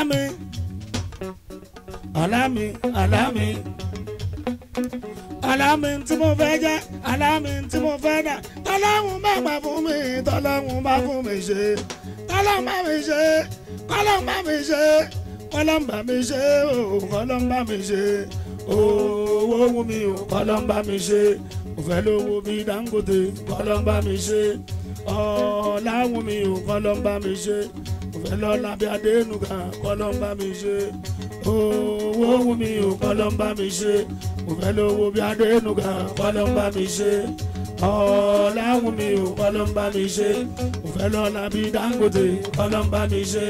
àlámì àlámì àlámì àlámì tí mo fẹ́ jẹ́ àlámì tí mo fẹ́ dà tọ́lọ́hún bá gbà fún mi tọ́lọ́hún bá fún mi ṣe tọ́lọ́hún bá mi ṣe kọ́lọ́hún bá mi ṣe kọ́lọ́hún bá mi ṣe òun kọ́lọ́hún bá mi ṣe owó wù mí o kọ́lọ́hún bá mi ṣe mo fẹ́ lówó bí Dangote kọ́lọ́hún bá mi ṣe ọ̀ọ́lá wù mí o kọ́lọ́hún bá mi ṣe lọ́la bí adéǹkà kọ́ ló ń bá mi ṣe owó wù mí ò kọ́ ló ń bá mi ṣe mo fẹ́ lówó bí adéǹkà kọ́ ló ń bá mi ṣe ọ̀la wù mí ò kọ́ ló ń bá mi ṣe mo lọ́la bí Dangote kọ́ ló ń bá mi ṣe.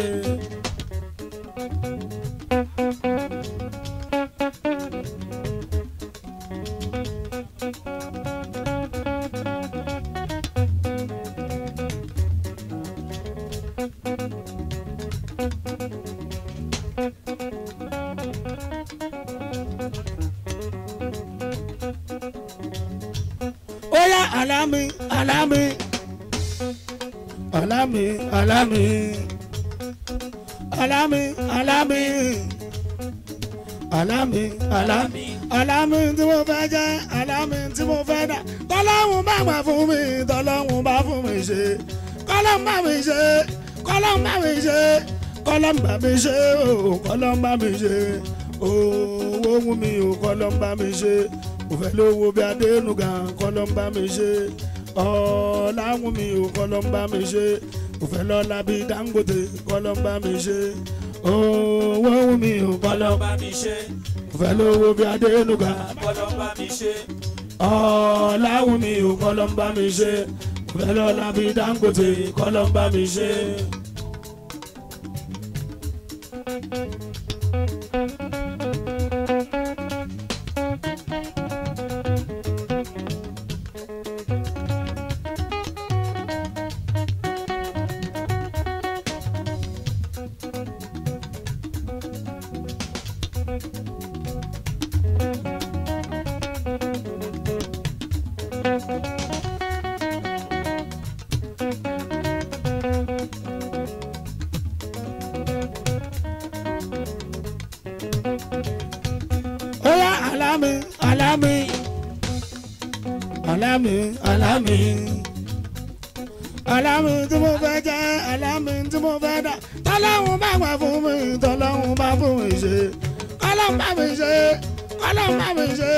kọ́lọ́n bá mi ṣe kọ́lọ́n bá mi ṣe kọ́lọ́n bá mi ṣe o kọ́lọ́n bá mi ṣe owó wù mí o kọ́lọ́n bá mi ṣe òfẹ́ lówó bí adéǹgà kọ́lọ́n bá mi ṣe ọ̀ọ́lá wù mí o kọ́lọ́n bá mi ṣe òfẹ́ lọ́la bí Dangote kọ́lọ́n bá mi ṣe owó wù mí o kọ́lọ́n bá mi ṣe òfẹ́ lówó bí adéǹgà kọ́lọ́n bá mi ṣe ọ̀ọ́lá wù mí o kọ́lọ́n bá mi ṣe bẹ́ẹ̀ lọ́la bíi Dangote kọ́ ló ń bá mi ṣe. mi. Àlámù tí mo fẹ́ jẹ́ àlámù tí mo fẹ́ dá. Tọ́lọ́hun bá wà fún mi, tọ́lọ́hun bá fún mi ṣe. Ọlọ́run bá mi ṣe, ọlọ́run bá mi ṣe.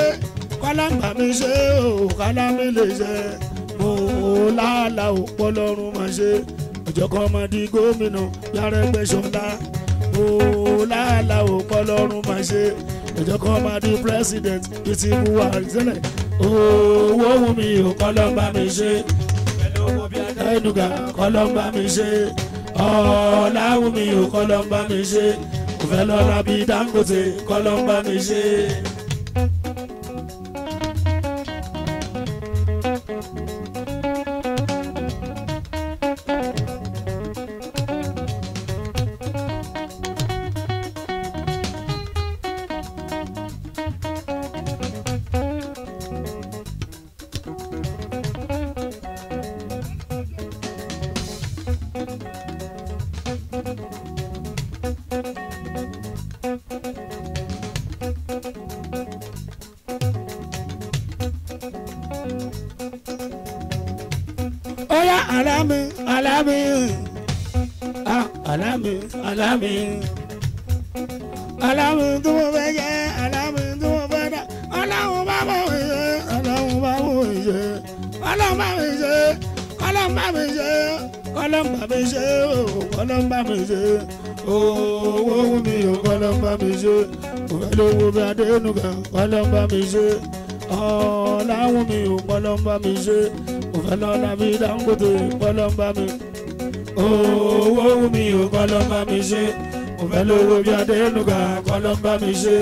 Kọ́lọ́run bá mi ṣe o, kọ́lá mi lè ṣe. Mo lálàá òpó lọ́rùn máa ṣe. Ọ̀jọ̀gbọ́n máa di gómìnà yàrá ẹgbẹ́ ṣọ́ńdá. Mo lálàá òpó lọ́rùn máa ṣe. Ọ̀jọ̀gbọ́n máa di president bíi ti Buhari tẹ́lẹ̀ owó wù mí o kọ́lọ́mbà mi ṣe ẹnuga kọ́lọ́mbà mi ṣe ọ̀ọ́lá wù mí o kọ́lọ́mbà mi ṣe òfẹ́ lọ́ra bíi Dangote kọ́lọ́mbà mi ṣe. láwọn mi ò bọ́lọ́ ń bá mi ṣe mo fẹ́ lọ́la mi Dangote bọ́lọ́ ń bá mi. owó wù mí ò bọ́lọ́ ń bá mi ṣe mo fẹ́ lówó bí Adénúgà bọ́lọ́ ń bá mi ṣe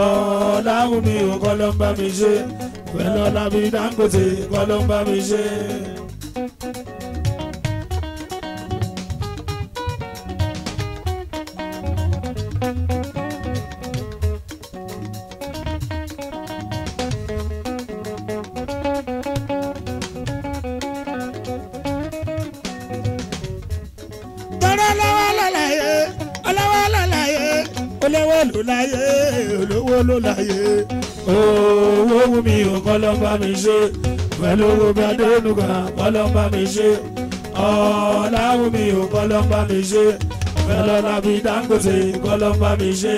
ọ̀ọ́lá wù ò bọ́lọ́ ń bá mi ṣe mo fẹ́ lọ́la mi Dangote bọ́lọ́ ń bá mi ṣe. mi ṣe pẹ̀lú omi adéhùnúgàn bọ́lọ́mbà mi ṣe ọ̀làwùmí ò bọ́lọ́mbà mi ṣe pẹ̀lú ọ̀làbí Dangote bọ́lọ́mbà mi ṣe.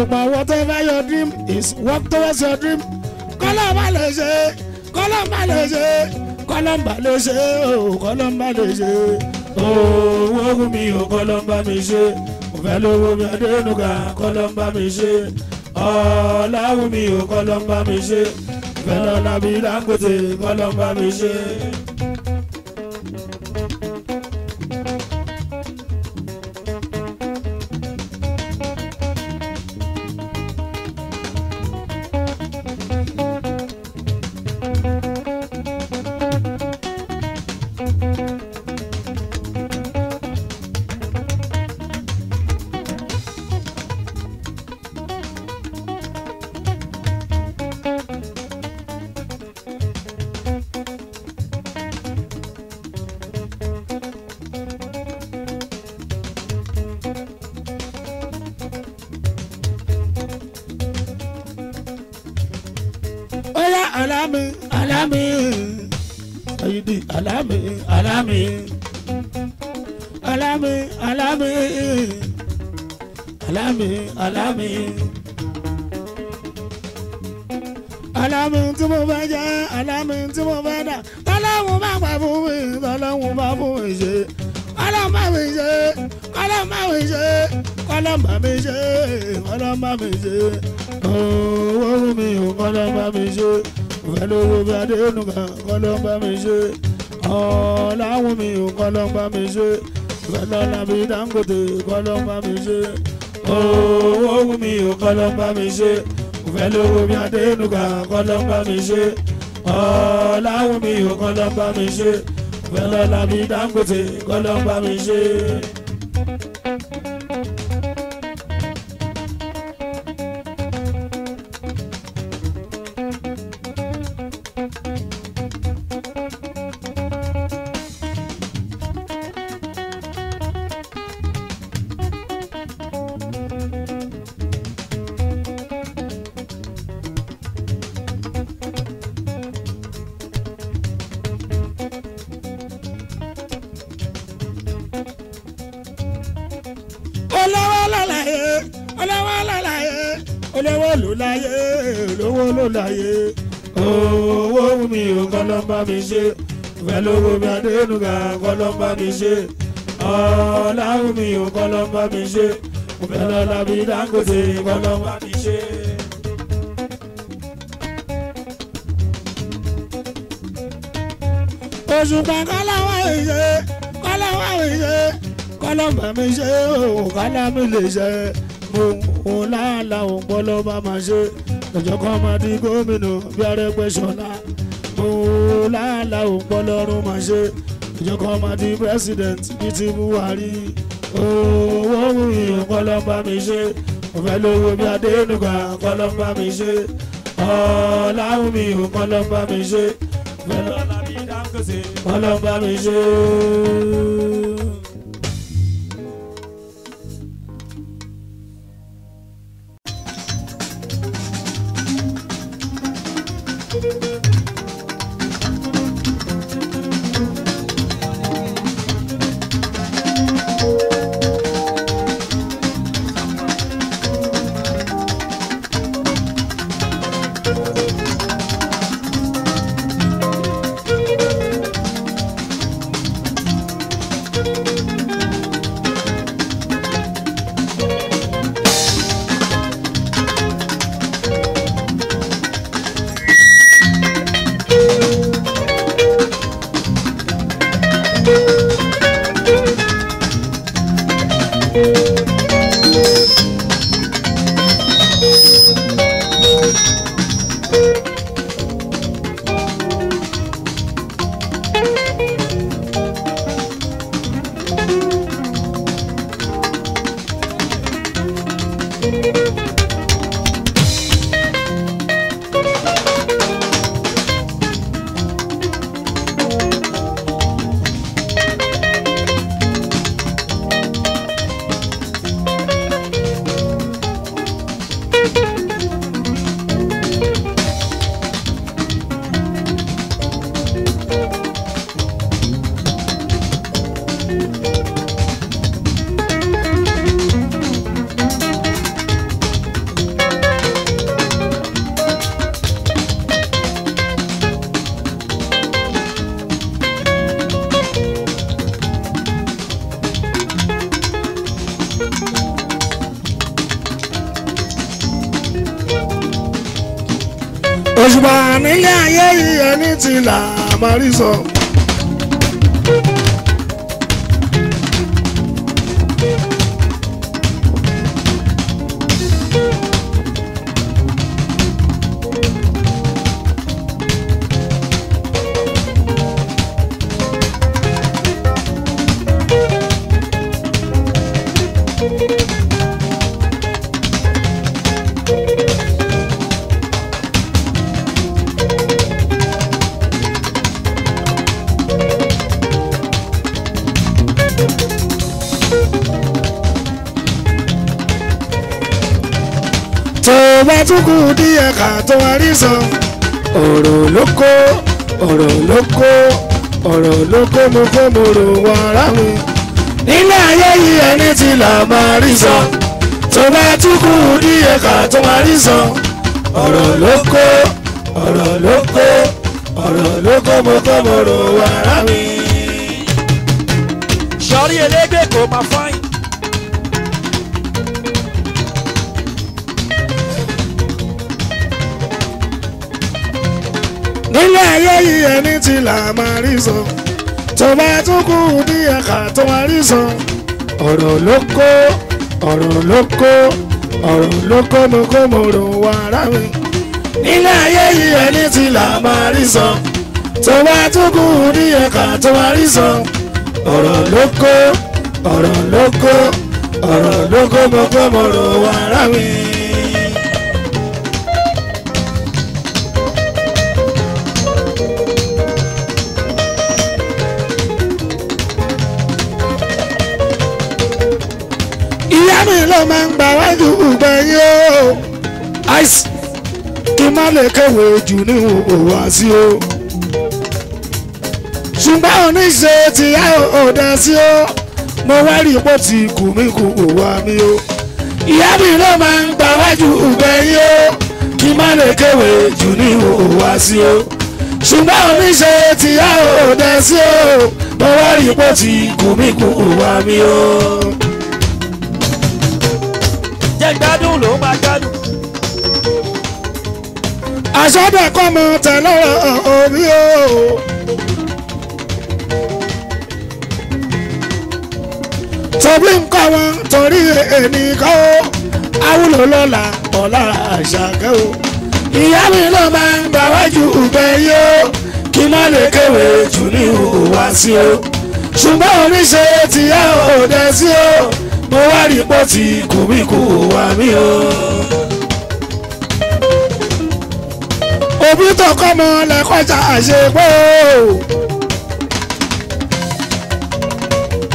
Òṣùpá whatever your dream is work towards your dream. Kọ́lọ́mbà lè ṣe kọ́lọ́mbà lè ṣe kọ́lọ́mbà lè ṣe o kọ́lọ́mbà lè ṣe owó ogun mi ò kọ́lọ́mbà mi ṣe òfẹ́ lówó mi Adénúgà kọ́lọ́mbà mi ṣe ọ̀làwùn ò kọ́lọ́mbà mi ṣe ìfẹ́ lọ́la mi Dangote kọ́lọ́mbà mi ṣe. alami alami ayidi alami alami alami alami alami alami alami tí mo bá jẹ alami tí mo bá dà tọ́lọ́hún bá gbà fún mi tọ́lọ́hún bá fún mi ṣe kọ́lọ́hún bá mi ṣe kọ́lọ́hún bá mi ṣe kọ́lọ́hún bá mi ṣe kọ́lọ́hún bá mi ṣe owó mi ò kọ́lọ́hún bá mi ṣe fẹ́ lówó bá dé nùkà kọ́ ló ń bá mi ṣe ọ̀làwùn mi ò kọ́ ló ń bá mi ṣe fẹ́ lọ́la bí Dangote kọ́ ló ń bá mi ṣe owó wù mí ò kọ́ ló ń bá mi ṣe fẹ́ bí adé nùkà kọ́ ló ń bá mi ṣe ọ̀làwùn mi ò kọ́ ló ń bá mi ṣe fẹ́ lọ́la Dangote kọ́ ló ń bá mi ṣe. ẹlòmí mi adéhùnga kọlọ́mbà mi ṣe ọ̀làhùn mi ò kọlọ́mbà mi ṣe òfẹ́lọ́lá mi Dangote kọlọ́mbà mi ṣe. Òṣùpá kọ́láwá ìṣe kọ́láwá ìṣe kọ́lọ́mbà mi ṣe òkàlà mi lè ṣe mo òun láàlà òun kọ́lọ́mbà máa ṣe ọjọ́ máa di gómìnà bí Arẹ́gbẹ́ṣọlá ó láàlà ò ń pọ́ lọ́rùn máa ṣe ìjọba ọmọ di president bíi ti Buhari owó wuyì ọ̀pọ̀lọpọ̀ mi ṣe òfẹ́ lówó bí Adénúgà ọ̀pọ̀lọpọ̀ mi ṣe ọ̀làwùmí ọ̀pọ̀lọpọ̀ mi ṣe òfẹ́ lọ́la bí Dáńkọ́sẹ̀ ọ̀pọ̀lọpọ̀ mi ṣe. òṣùpá nílé ayé yìí ẹni tí là máa rí sọ. ẹtúkù díẹ̀ ká tó wá rí sọ. ọ̀rọ̀ ló kó ọ̀rọ̀ ló kó ọ̀rọ̀ ló kó mo kó mo rò wọ ara mi. nílé ayé yìí ẹni tí là máa rí sọ. tó bá túkù díẹ̀ ká tó wá rí sọ. ọ̀rọ̀ ló kó ọ̀rọ̀ ló kó ọ̀rọ̀ ló kó mo kó mo rò wọ ara mi. sọ́rí elégbè kò máa fọ́ nílé ayé yìí ẹni tí là máa rí sọ tó bá tún kù ní ẹ̀ka tó máa rí sọ ọ̀rọ̀ ló kó ọ̀rọ̀ ló kó ọ̀rọ̀ ló kó mo kó mo rò wá ara mi nílé ayé yìí ẹni tí là máa rí sọ tó bá tún kù ní ẹ̀ka tó máa rí sọ ọ̀rọ̀ ló kó ọ̀rọ̀ ló kó ọ̀rọ̀ ló kó mo kó mo rò wá ara mi. ó máa ń gbà wájú gbẹ̀yìn o. àìsí kí má lè kéwé jù ní òwò àti o. ṣùgbọ́n oníṣe ti yá òde sí o. mo wá rí ipò tí kù mí kù òwò àmì o. ìyá mi ló máa ń gbà wájú gbẹ̀yìn o. kí má lè kéwé jù ní òwò àti o. ṣùgbọ́n oníṣe ti yá òde sí o. mo wá rí ipò tí kù mí kù òwò àmì o fẹ́ gbádùn ló máa gbádùn. àṣọ́dẹ̀ kọ́ mọ tẹ̀lé orí o. torí nǹkan wọn torí ènìkan o awúlò lọ́la ọ̀la àṣàkẹ́ o. ìyá mi ló máa ń gbàwájú ìgbẹ́ yó kí má lè kéwé jù ní ìhùwàsí o ṣùgbọ́n oníṣe ti òde sí o mo wá rí pọ́ tí kùmíkù wà mí o. òbí tó kọ́mọ lẹ́kọ̀ọ́jà àṣepọ̀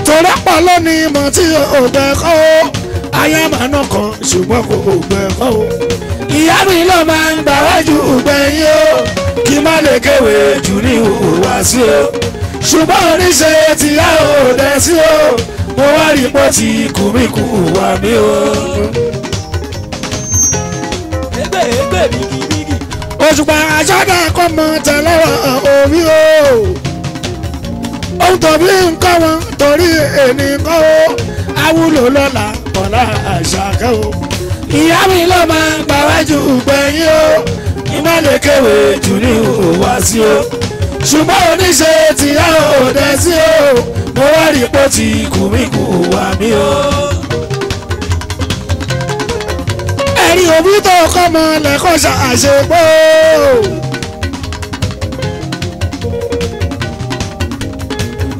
torí pọ̀ lónìí mọ̀ tí ò bẹ̀ kọ́ o aya máa nà kan ṣùgbọ́n kò gbẹ̀ kọ́ o. ìyá mi ló máa ń gbàwájú gbẹ̀yìn o kí má lè kéwèé jù ní òwò o ṣùgbọ́n oníṣe tìyá ò dẹ̀ sí o mo wá rí pọ́ ti kùmíkù wà mí o. ẹgbẹ́ ẹgbẹ́ bìgìbìgì. òṣùpá àṣàdá kọ́ mọ tẹ̀lọ́wọ́ omi o. ohun tọ̀bí nǹkan wọn torí èmi kọ́ o. awúlò lọ́la bọ̀lá àṣàkẹ́ o. ìyá mi ló máa gbàwájú gbẹ̀yìn o. ìmọ̀lẹ́kẹ̀wé jù ní òwá sí o ṣùgbọ́n oníṣe tí a ò dẹ sí o mo wá rí pé tí kù mí kù wà mí o. ẹ̀rí òbí tó kọ́ mọ lẹ́kọ̀ọ́ ṣàṣepọ̀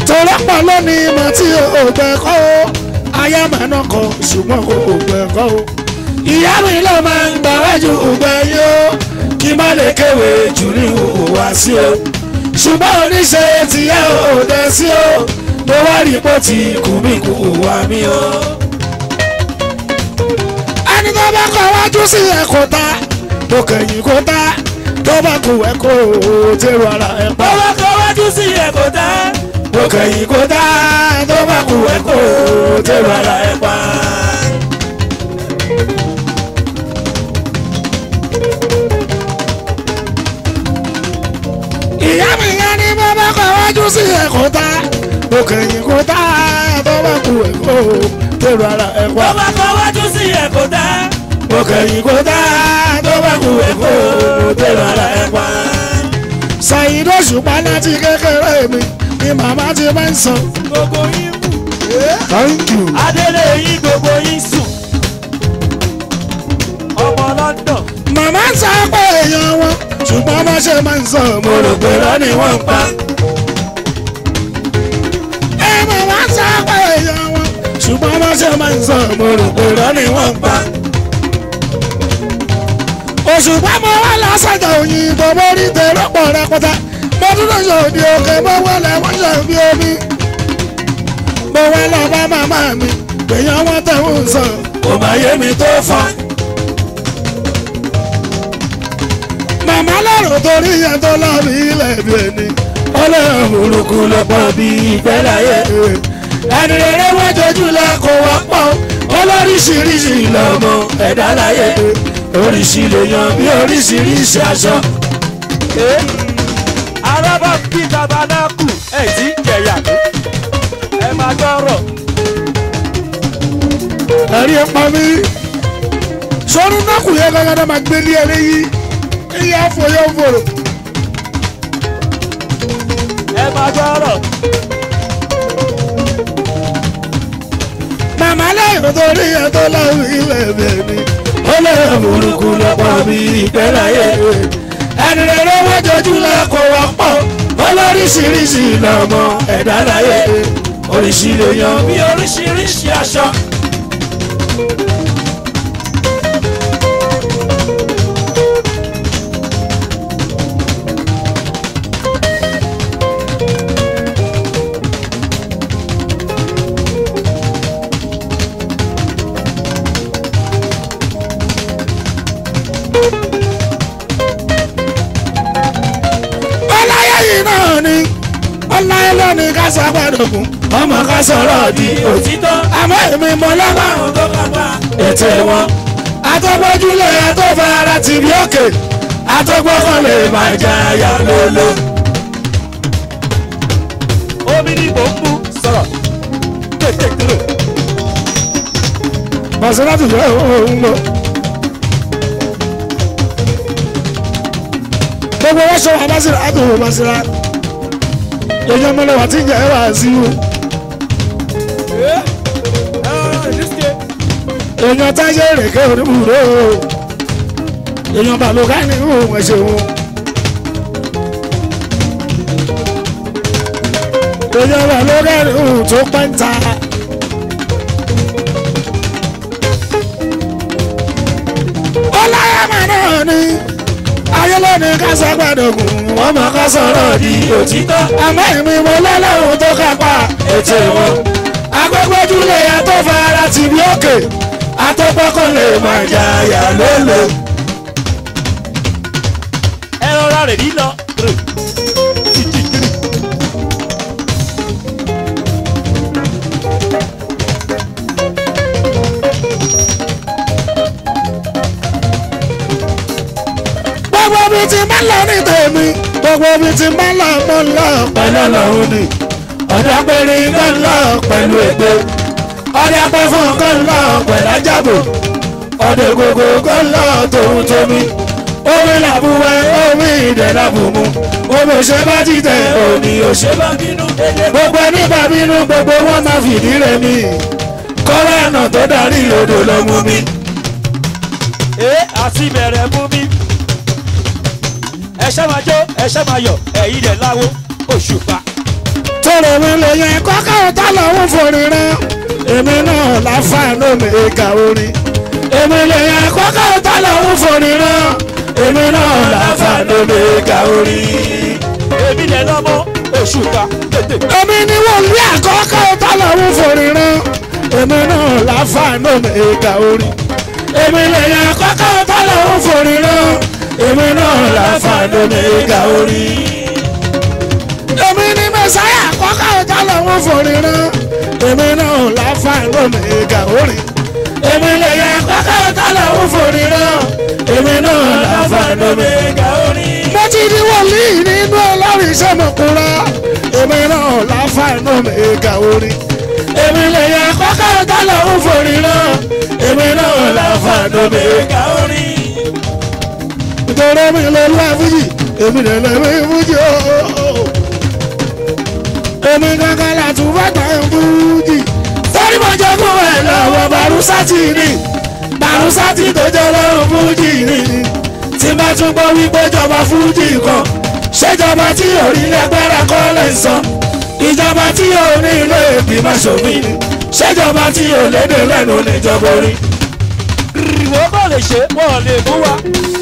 tọ́lọ́pọ̀ lónìí mo ti ò gbẹ̀kọ́ o aya màánà kọ ṣùgbọ́n kò gbẹ̀kọ́ o ìyá mi ló máa ń gbàwájú ògbẹ́ yó kí má lè kéwèé jù ní òwò o ṣùgbọ́n oníṣe tìyẹ́ ò dẹ̀ sí o mo wá rí bó ti kù mí kù wá mí o. ẹni tó bá kọ wájú sí ẹ̀kọ́ ta mo kẹ̀yìn kó ta tó bá kù ẹ̀kọ́ tẹ̀rù ara ẹ̀ tó bá kọ wájú sí ẹ̀kọ́ ta mo kẹ̀yìn kó ta tó bá kù ẹ̀kọ́ tẹ̀rù ara ẹ̀ sí ẹ̀kọ́ tá mo kẹ̀yìn tá tó kú ẹ̀kọ́ tẹ̀rù ara ẹ̀kọ́. tó bá sí ẹ̀kọ́ tá mo kẹ̀yìn tá tó kú ẹ̀kọ́ tẹ̀rù ara ẹ̀kọ́. Saheed Òṣùpá láti kékeré mi ni màmá ti máa ń sọ. gbogbo yín kù. thank you. adélé yín gbogbo yín sùn. ọmọ London. màmá ń sọ pé èèyàn wọn ṣùgbọ́n ọmọ ṣe máa ń sọ mo rò pé lọ́ni wọ́n pa. ṣùgbọ́n bá ṣe máa ń sọ ìmọ̀ràn kò rọ́ ni wọ́n ń pa. òṣùpá mo wá lásàjà òyìnbó mórí tẹ̀lọ́pọ̀ rẹpẹtẹ mo tún lọ sọ òbí òkè mo wọlé wọ́n sọ òbí omi. mo wá lọ bá màmá mi èèyàn wọn tẹ̀wọ̀n sọ kò má yé mi tó fọ́. màmá lọ́rùn torí yẹn tó lábí ilẹ̀ bí ẹni ọlọ́run olùkú lọ́pọ̀ bíi ìfẹ́ láyé ẹni rere wọ́n jọjú lọ kò wọ́pọ̀ olóríṣiríṣi lọ́mọ ẹ̀dá láyé pé oríṣi lè yan bí oríṣiríṣi aṣọ. Eh, arábà bí tabanákù ẹ̀ tí ń jẹ̀yà ẹ máa gbọ́rọ̀. ẹ̀rí ẹ̀ pa mí sọ́run náà kù yẹ gángan náà máa gbé ní ẹrẹ́ yìí iye àfọyọ́ ń fòrò. ẹ máa gbọ́rọ̀. màmá lẹ́yìn torí ẹ tó láwù ilẹ̀ bẹ̀mí ó lẹ́yìn burúkú lọ́pọ̀ bí ìpẹ́ láyé ẹni rere wọ́n jọjú lẹ́kọ̀ọ́ wọ́pọ̀ olóríṣiríṣi lọ́mọ ẹ̀dá láyé oríṣiríṣi yan bí oríṣiríṣi aṣọ. ká sàgbàdògùn ọmọ ká sọ̀rọ̀ di òtítọ́ àmọ́ èmi mọ lágbàrún tó kápá ètè wọn. atọ́gbọ́júlé atọ́fara ti bí òkè atọ́gbọ́kànlé máa jẹ àyà lólo. omi ni mò ń mú sọ̀rọ̀ kékeré. bàṣẹ́ láti fẹ́ òun mọ́. gbogbo wọn sọ àbáṣe àtòwò bàṣẹ́ láti èyí ọmọlẹ́wà tí ń jẹ́ wá sí o. èèyàn táyé rèké onímùúró èèyàn bàlùkà ní òun ẹ̀ṣẹ̀ wọn. èèyàn bàlùkà ní òun tó pẹ́ńtà. ní ká sọ gbàdọ̀gùn wọ́n máa ká sọ̀rọ̀ di òtítọ́. àmọ́ èmi mo lọ́lọ́run tó kápá ètè wọn. agbẹ́gbẹ́jú lè yàtọ̀ fara tìbí òkè àtọ́gbọ́kọ̀ lè máa jà yà lólè. bá lọ ní tèmi gbogbo omi ti bá lọ mọ́ lọ pẹ̀lú ọlọ́run ni ọ̀dà péré nǹkan lọ pẹ̀lú ègbé ọ̀dà pẹ́ fún nǹkan lọ pẹ̀lú ajábò ọ̀dà gbogbo nǹkan lọ tòun tómi omi làbúwẹ̀ omi ìdẹ̀ làbùmù omi òṣè bá dìtẹ̀ òní òṣè bá bínú gbogbo ẹni bá bínú gbogbo wọn máa fìdí rẹ̀ mi kọ́lá ẹ̀nà tó darí odò lọ́mú mi. ẹ àti bẹ̀rẹ̀ mú mi ẹ̀ṣẹ́ máa jó ẹ̀ṣẹ́ máa yọ̀ ẹ̀yìn rẹ̀ láwo òṣùpá. tọrọ mi lèyìn kọ́kọ́ ọ̀tá lọ́wọ́ fòrìrì èmi náà láfàánú mi ìka orin. èmi lèyìn kọ́kọ́ ọ̀tá lọ́wọ́ fòrìrì èmi náà láfàánú mi ìka orin. èmi lè lọ́mọ òṣùpá tètè. èmi ni wọ́n lé àkọ́kọ́ ọ̀tá lọ́wọ́ fòrìrì èmi náà láfàánú mi ìka orin. èmi lèyìn kọ́kọ́ ọ̀tá lọ́wọ́ fòrìrì èmi náà láfàdó mẹ́ga orí. èmi ni mẹ́sáyà kọ́kọ́ ọ̀tá lọ́wọ́ fòrin rán èmi náà láfàdó mẹ́ga orí. èmi lẹ́yà kọ́kọ́ ọ̀tá lọ́wọ́ fòrin rán èmi náà láfàdó mẹ́ga orí. mo ti di wòlíì nínú ọlọ́run ìṣẹ́mọ̀kúra èmi náà láfàdó mẹ́ga orí èmi lè yẹ kọ́kọ́ dálẹ̀ òun fòrí náà èmi náà làfàdùn mi ká orin nítorí mi lọ lọ́wọ́ fújì èmi lè lọ mi fújì ooo. èmi kankan látún bàtà fújì. sọ́rí mo jogún ẹ̀ lọ́wọ́ bàrúsátì ni bàrúsátì tó jẹ́ lọ́rùn fújì ni. tí bá tún gbọ́ wípé jọba fújì kan ṣèjọba tí orílẹ̀ gbára kọ́ lè sọ ìjọba tí ò ní ilé ìgbìmọ̀ ṣòfin ṣèjọba tí ò lédè lẹ́nu níjọba orí. ìwọ bá lè ṣe wọn lè mú wa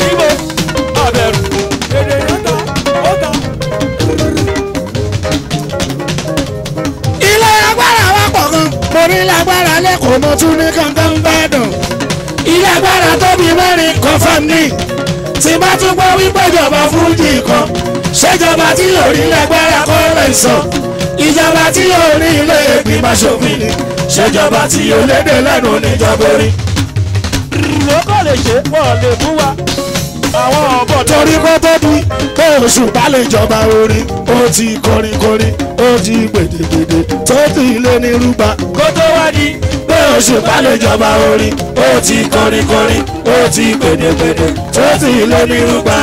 níbo. orí lágbára lẹ́kọ̀ọ́ mo tún ní kankan bàdàn ilé agbára tóbi mẹ́rin confam ni tí bá tún gbọ́ wípé ìjọba fújì kan ṣèjọba tí orí lágbára kọ́ rẹ̀ sọ ìjọba tí orí ilé ìgbìmọ̀ ṣòfin ni ṣèjọba tí olédè lẹ́nu níjọba orí. ìlú lè ṣe wọ́n lè mú wa àwọn ọ̀bọ̀ torí kó tó di pé oṣù bá lè jọba orin ó ti kọrin kọrin ó ti gbèdégbèdé tó ti lé ní rúgba kó tó wá di pé oṣù bá lè jọba orin ó ti kọrin ó ti gbèdégbèdé tó ti lé ní rúgba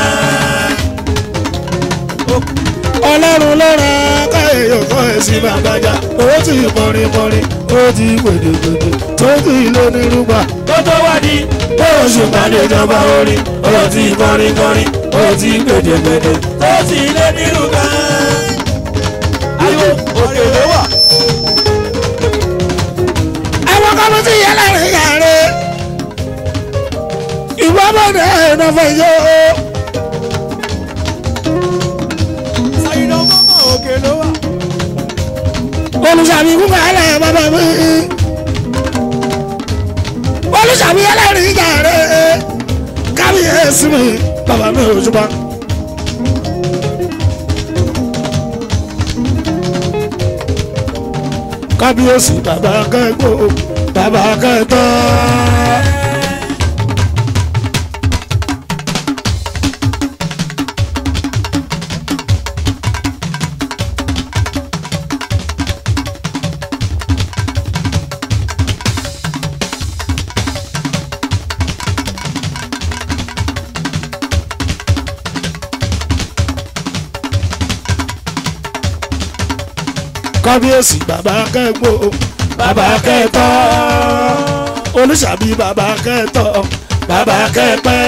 ọlọ́run ló ràn káyé yóò kọ́ ẹ sí bàbájá ó ti pọ̀rin pọ̀rin ó ti gbèdégbèdé tó ti lónírúgba tó tó wádìí bó o ṣe pàdé ìjọba orin ó ti kọrin kọrin ó ti gbèdégbèdé tó ti lónírúgba. ayọ̀ òkè ló wà. àwọn kan ló ti yẹ yàrá ìwọ́n ẹ̀ náà fẹ́ yọ ọ́. olùsàmì kúkà ẹlẹ́yà bàbá mi olùsàmì ẹlẹ́rìí ìjà rẹ̀ kábíyèsí mi bàbá mi ò ṣùgbọ́n. kábíyèsí bàbá kẹ́kọ̀ọ́ bàbá kẹ́tọ́. kábíyèsí bàbá kẹ́gbó bàbá kẹ́tọ́ olùsàbí bàbá kẹ́tọ́ bàbá kẹ́pẹ́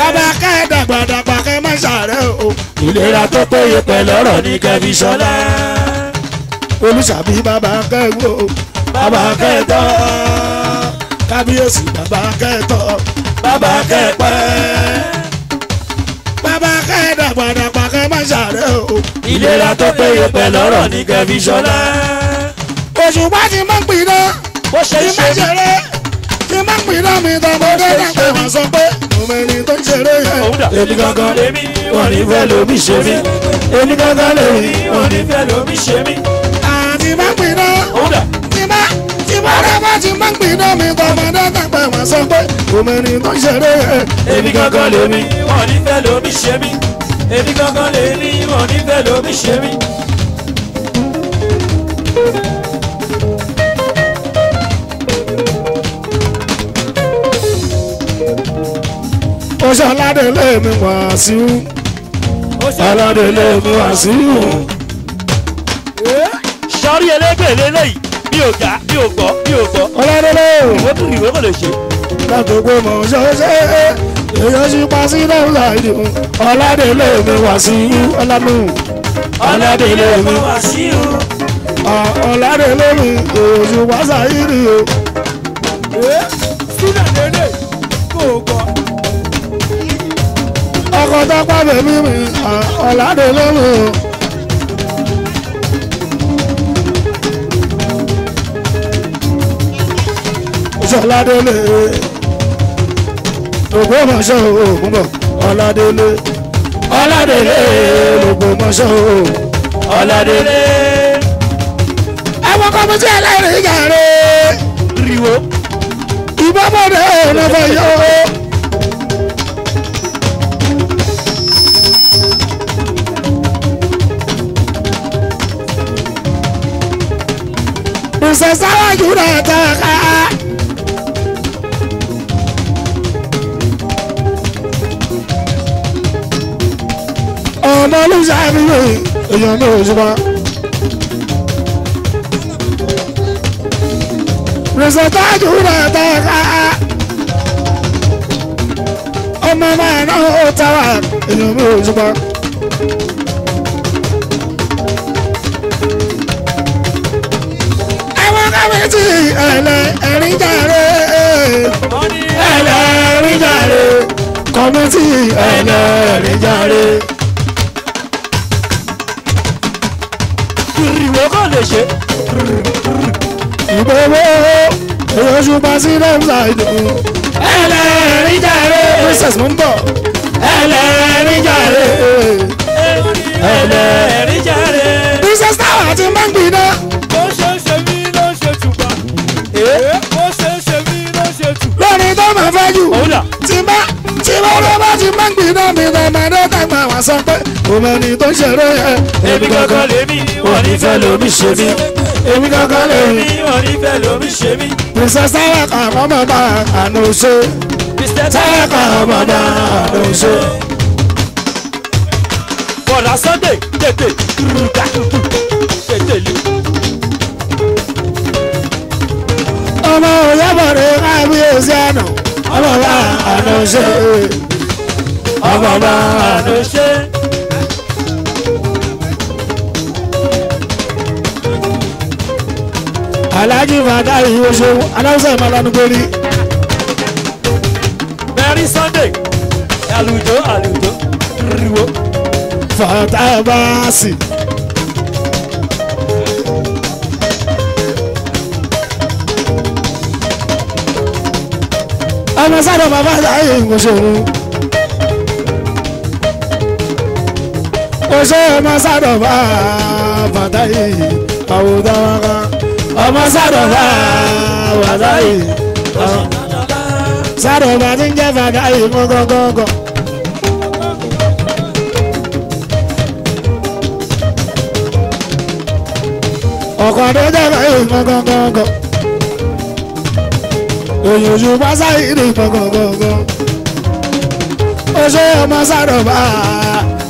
bàbá kẹ́dàgbàdàgbà kẹ́ má ṣàárẹ̀ o ìlera tó péye pẹ̀lú ọ̀rọ̀ ní kẹ́bí ṣọlá olùsàbí bàbá kẹ́gbó bàbá kẹ́tọ́ kábíyèsí bàbá kẹ́tọ́ bàbá kẹ́pẹ́. ìlera tó péye pẹ̀ lọ́rọ̀ ní kẹfí ṣọlá. òṣùpá ti máa ń pìdá bó ṣe ń ṣeré ti máa ń pìdá mi tọmọdé dàgbà wá sọ pé òun ẹni tó ń ṣeré yẹn. èmi gangan lèmi wọn ní fẹ́ lómi ṣe mí èmi gangan lèmi wọn ní fẹ́ lómi ṣe mí. àti máa ń pìdá ti máa ti máa dábàá ti máa ń pìdá mi tọmọdé dàgbà wá sọ pé òun ẹni tó ń ṣeré yẹn. èmi gangan lèmi wọn ní fẹ́ lómi ṣe mí èmi kankan lè rí wọn nífẹ̀ẹ́ lómi ṣe mí. ọṣẹ aládélé mi Wàsíù aládélé mi Wàsíù. sọ́rí elégbèlé lẹ́yìn bí o gà bí o gbọ́ bí o gbọ́. ọlọ́dẹ́lẹ́ o. ìwé kò lè ṣe. láti gbé mọ̀ ṣọ́ṣẹ́ èyàn ṣe pa sí lẹ́wọ̀lá ìdìbò ọ̀làdélé mi wà sí ọ̀làmù ọ̀làdélé mi wà sí ọ̀làdélé mi èyàn ṣe pa sáyìrì o. sídà dédé kò kọ. ọkọ̀ tó pa bèmí mi ọ̀làdélé mi o. ọ̀làdélé mi. Ògbómọ̀ṣọ́ ògùn bọ̀ Ọládélé Ọládélé Ògbómọ̀ṣọ́ Ọládélé. Àwọn kọ́mú sí ẹlẹ́rìí jàre. Riwo. Ìbámọ̀dé ọ̀nàfọ̀ yọ. Princess Awa Jura Taka. ọmọ ló ṣàfihàn èèyàn ní òṣùpá. rìsọ̀tà àdúrà tàkà ọmọ máa ná ó tàwà èèyàn ní òṣùpá. àwọn káwé tí ẹ̀lẹ́ ẹ̀rí jàre ẹ̀lẹ́ jàre kọ́mẹ́tì ẹ̀lẹ́ jàre. ṣe. ìgbòho èèyàn ṣùgbọ́n sí lẹ́mùsà ìdòkú. ẹlẹ́rìí jàre. princess mo ń bọ̀. ẹlẹ́rìí jàre. ẹlẹ́rìí jàre. princess táwọn àti mọ́ngbìn náà. ló ṣe é ṣe mí ló ṣe tùpá tó máa fẹ́ jù tí bá tí bá wọ́n bá ti máa ń gbìn náà mi náà máa dé dàgbà wá sọ pé òun ẹni tó ṣeré yẹ. èmi kankan lèmi wọn ní fẹ́ lomi ṣe mí èmi kankan lèmi wọn ní fẹ́ lomi ṣe mí. princess sáyà kan àwọn ọmọ bá àná ṣe sáyà kan àwọn ọmọ bá àná ṣe. bọ̀dà sunday tètè rúgà tètè lè. ọmọ òyàbọ̀rẹ̀ kábíyèsí àná ọmọ bá àná ṣe ọmọ bá àná ṣe. aláàjì fàdá ìwé ṣe aláwùsá ìmọ̀lánugbórí. Merry Sunday àlùjọ àlùjọ rírìwó. fàtà bá ọmọ sọ́dọ̀ bàbá àyè òṣèré. Oṣé ọmọ sọ́dọ̀ bá bàtà yìí àwòdà wọn kan. Ọmọ sọ́dọ̀ bá bàtà yìí. Sọ́dọ̀ bá ti ń jẹ́ bàtà Ọkọ̀ tó yìí mú gọ́gọ́gọ́ òyìnbó bá sáyìnì gbọ̀ngbọ̀ngbọ̀ oṣó ọmọ sádọ̀bà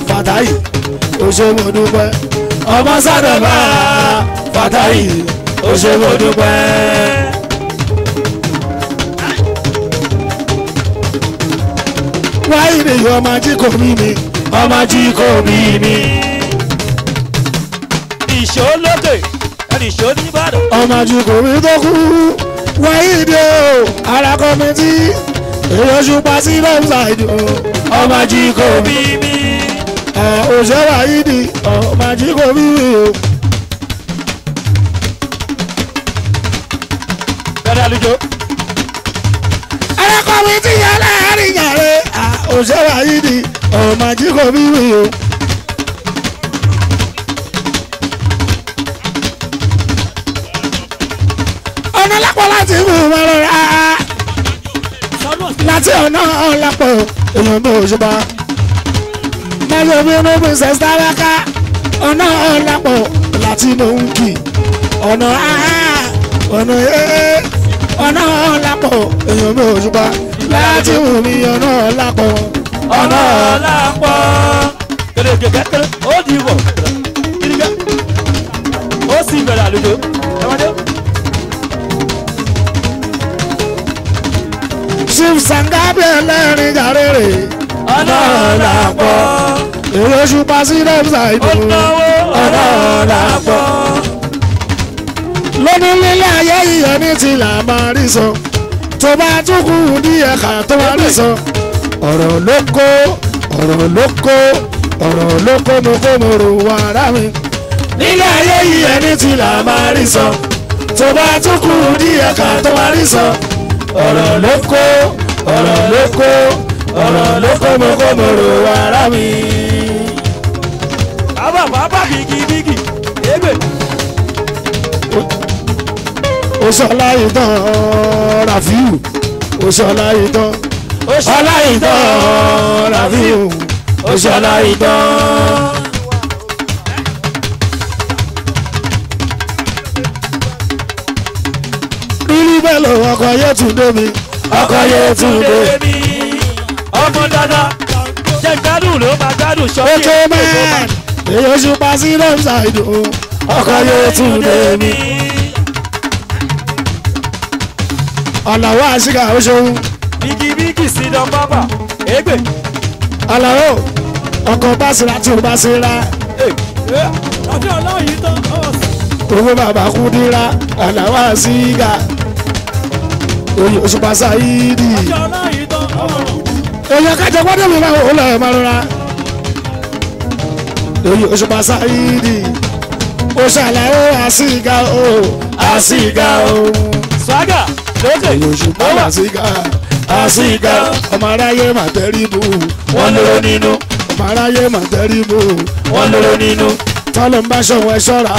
fàtáyì oṣó mo dúpẹ́ ọmọ sádọ̀bà fàtáyì oṣó mo dúpẹ́. wáyé ni ọmọ jí mi mí mi ọmọ jí mi mí mi. ìṣó lókè ẹnì ìṣó nìbàdàn. ọmọ jí kò mí tó kú wáyídé o ara kọ́mẹ́tì èyọ́sù pàṣẹ lọ́sàájú ọmọ jí kò bíbí òṣè wáyídé ọmọ jí kò bíbí o. dada lujo. ara kọ́mẹ́tì yẹn láàrin yàrá òṣè wáyídé ọmọ jí kò bíbí o. láti mú wọn rọra láti ọ̀nà ọ̀làpọ̀ olóńgbò òṣùpá mẹ́rin omi olóńgbò sẹ́sítà láká ọ̀nà ọ̀làpọ̀ láti mú un kì ọ̀nà áhà ọ̀nà ee ọ̀nà ọ̀làpọ̀ olóńgbò òṣùpá láti mú mi ọ̀nà ọ̀làpọ̀ ọ̀nà ọ̀làpọ̀ kẹ̀lẹ́kẹ̀kẹ̀ ó dìbò ó sì bẹ̀rẹ̀ àlejò. chief sangabi ẹlẹ́rìn jàrèrè ọlọ́run là pọ̀ èrò ṣùpá sí lẹ́bùsà ìdò ọlọ́run là pọ̀ lónìí nílé ayé ìyẹn ní ti là máa rí sọ tó bá tún kú díẹ̀ kà tó wá rí sọ ọ̀rọ̀ ló kó ọ̀rọ̀ ló kó ọ̀rọ̀ ló kó mo kó mo rò wá ara mi nílé ayé ìyẹn ní ti là máa rí sọ tó bá tún kú díẹ̀ kà tó wá rí sọ ọ̀rọ̀ ló kó ọ̀rọ̀ ló kó ọ̀rọ̀ ló kó mo kó mo rò ara mi. bàbá bàbá bìgì bìgì ebè. Oṣọlá ìtàn Rafiu Oṣọlá ìtàn Oṣọlá ìtàn Rafiu Oṣọlá ìtàn. rírí bẹ́ẹ̀ lọ́wọ́ ọkọ̀ yẹ́tùndé mi ọkọ Yétúndé ọmọ dada jẹ gbádùn ló máa gbádùn ṣọkí ètò ìfowópamọ́. èyí oṣù pàṣẹ lọ́n ṣàìdò ọkọ Yétúndé mi. ọ̀làwọ̀ àṣìkà oṣooṣù. bíkí bíkí sí dán pápá égbè. ọ̀làwọ̀ ọkọ̀ báṣìlá tí o báṣìlá. ọjọ́ ọlọ́run yìí tán. owó bàbá kú dira ọ̀làwọ̀ àṣìkà. Òṣùpá Saheed. èyàn kájọ gbọ́dọ̀ mi máa wò lọ́ọ̀ máa rọra. Òṣùpá Saheed. ó ṣàlàyé àṣìgá o àṣìgá o. swaga lókè Òṣùpá àṣìgá àṣìgá. ọmọ aráyé mà tẹríbù. wọ́n lóró nínú. ọmọ aráyé mà tẹríbù. wọ́n lóró nínú. tọ́lọ́ ń bá ṣọ̀wọ́ ẹ ṣọ́ra.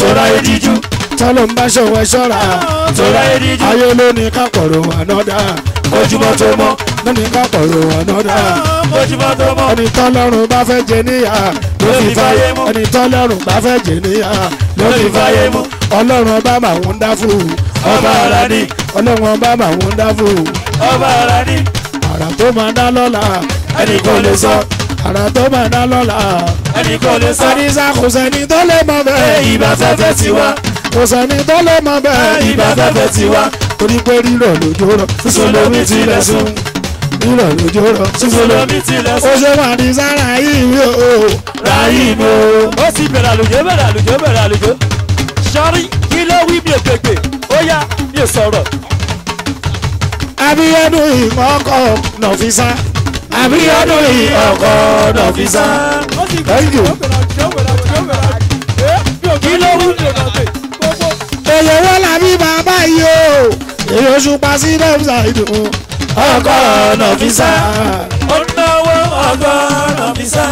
sọ̀rọ̀ ẹ díjú ta ló ń bá ṣọwọ́ ṣọ́ra ìtura ayé ló ní ká pọ̀rọ̀ ànádà ojúmọ́ tó mọ́ ló ní ká pọ̀rọ̀ ànádà ojúmọ́ tó mọ́ ẹni tọ́lọ́run bá fẹ́ jẹ níyà ló fi fáyé mú ẹni tọ́lọ́run bá fẹ́ jẹ níyà ló fi mú ọlọ́run ọba mà wonderful ọba ara ni ọlọ́run ọba mà wonderful ọba ara ni àrà tó máa dá lọ́la ẹnì kan lè sọ àrà tó máa dá lọ́la ẹnì kan lè sọ àdìsá kò sẹ́ni tó lè mọ̀ bẹ́ẹ̀ ìbá fẹ́fẹ́ tiwa kò sẹ́ni tó lè mọ bẹ́ẹ̀ ibà fẹ́fẹ́ ti wá torí pé rírọ̀ lójó rọ̀ sísọ lómi tilẹ̀ sùn rírọ̀ lójó rọ̀ sísọ lómi tilẹ̀ sùn. ó ṣe wà ní sára yìí o. ráyìn o. ó sì bẹ̀rẹ̀ àlùjọ bẹ̀rẹ̀ àlùjọ bẹ̀rẹ̀ àlùjọ sọ́rí kí ló wí mi ò gbègbè ó yá mi ò sọ̀rọ̀. abíyọ́dún ìmọ̀ọ́kọ̀ nọ̀fíṣà abíyọ́dún ìmọ̀ọ́kọ̀ nọ̀fíṣà. thank you. kí ló wí mi ò gbègbè oyè wọ́n làbí baba yìí o èyí oṣù pasí lọ́ọ̀bù ṣàìdù ọkọ̀ ọ̀nà fi sá. ó náwó ọkọ̀ ọ̀nà fi sá.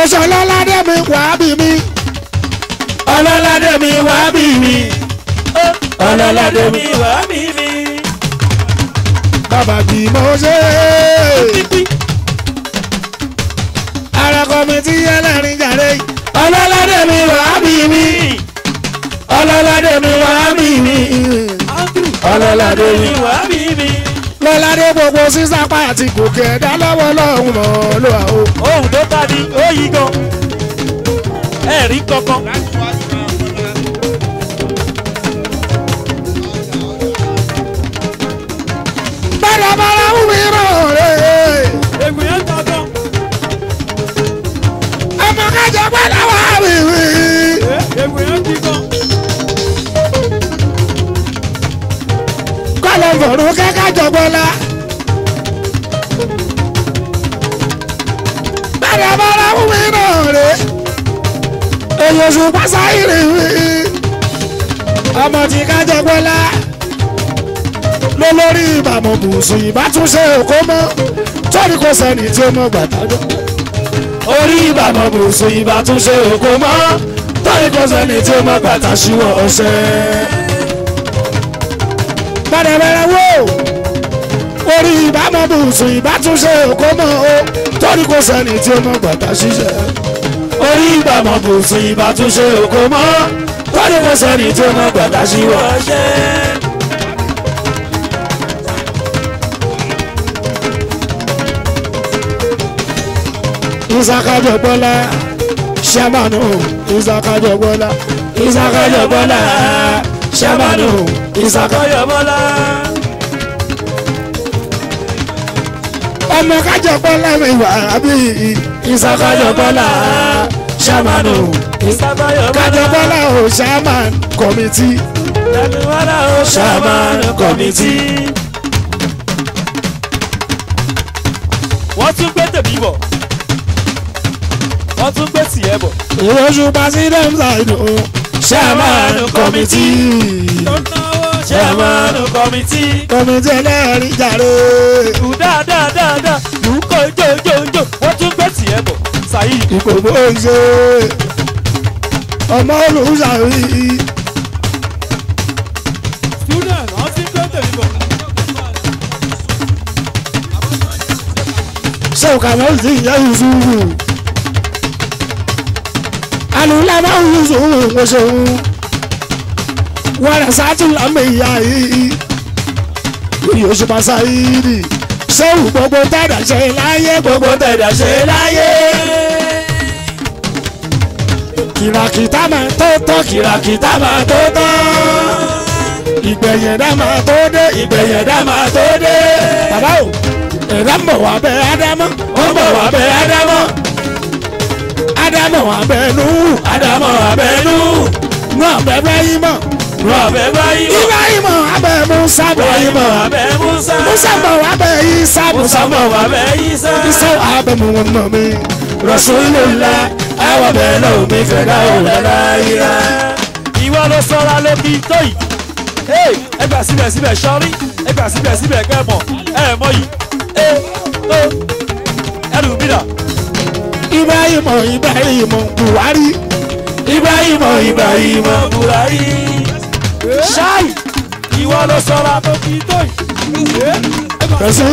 oṣù ọlọ́ládé mi wàá bì mi ọlọ́ládé mi wàá bì mí. ọlọ́ládé mi wàá bì mí. bàbá bí mo ṣe. ara kọ́mi tí ẹlẹ́rìí jàre yìí ọlọ́ládé mi wàá bí mi ọlọ́ládé mi wàá bí mi ọlọ́ládé mi wàá bí mi. lọ́ládé gbogbo sísá pàtì gòkè ẹ̀dá lọ́wọ́ lọ́hùn mọ́ ló wà o. ohun tó bá di ó yí gan ẹ̀rí kankan. bẹ́ẹ̀ bá ra wúmi rọ̀ rẹ̀. ègùn èwèrè ti gan. kọ́lẹ̀ fòrò kẹ́kẹ́ jọ̀gbọ́lá. bẹ́ẹ̀ bá rà fún mi náà rè èyí oṣù pásá ìrìnwí ọmọ tí kájọgbọ́lá lólórí ìbàmù bùsùn ìbátúnṣe òkó mọ́ torí kò sẹ́ni tí ó mọ̀ gbàtà orí ìbàmù bùsùn ìbátúnṣe òkó mọ́ táyé kọsẹ̀ ni tí ó má bàtà síwọ́ ọ̀sẹ̀. padà bẹ̀rẹ̀ wò orí ìbámọ̀bùsùn ìbátúnṣe òkó mọ́ o torí kò sẹ́ni tí ó má bàtà ṣiṣẹ́. orí ìbámọ̀bùsùn ìbátúnṣe òkó mọ́ torí kò sẹ́ni tí ó má bàtà síwọ́ ọ̀sẹ̀. ìsàkájọ bọ́lá shabanu isakajobola isakajobola shabanu isakajobola. ọmọ kájọpọlá mi wà bí isakajobola shamanu kájọpọlá o shaman committee kájọpọlá o shaman committee. wọ́n tún gbé tèmi bọ̀ wọ́n tún gbé tiẹ̀ bọ̀. ìrọ̀ṣù president ṣàìdù chairman committee. tó náwó chairman committee. committee ẹlẹ́rìí jàre. ìlú dáadáa dáadáa ìlú kò jójójó wọ́n tún gbé tiẹ̀ bọ̀ ṣàyí. ìkòkò ṣe ọmọ olùsàrí. sẹ́wọ̀n kàmẹ́rì ti ìyá yìí sùúrù alulama yusu ngoso wara sati lami ya yi yosu pasayidi sewu gbogbo tẹ̀dá ṣe láyé gbogbo tẹ̀dá ṣe láyé. kìràkìtà máa tó tán kìràkìtà máa tó tán ìgbẹ̀yẹ̀dá máa tó dé ìgbẹ̀yẹ̀dá máa tó dé. bàbá o ẹ̀dá ń bọ̀ bẹ́ẹ̀ ádámọ́ ó ń bẹ́ẹ̀ ádámọ́. Adamu Abenu. Adamu Abenu. Nú ọ̀bẹ Ibrahima. Nú ọ̀bẹ Ibrahima. Ibrahima abẹ Musa. Ibrahima abẹ Musa. Musa bọ̀ wá bẹ Isa. Musa bọ̀ wá bẹ Isa. Isa abẹ mu wọn nọ mi. Rasulullah àwọn bẹ lọ mi fẹ́ dá òun láyé. Ìwọ ló sọra lóbi tó yìí. Ẹ gbà síbẹ̀síbẹ̀ sọ́rí. Ẹ gbà síbẹ̀síbẹ̀ kẹ́ mọ̀. Ẹ mọ̀ yìí. Ẹ tó ẹrù mi dà. Ibrahim Ibrahim Buhari Ibrahim Ibrahim Buhari ṣáì ìwọ ló sọra tó fi tó yìí. kẹsàn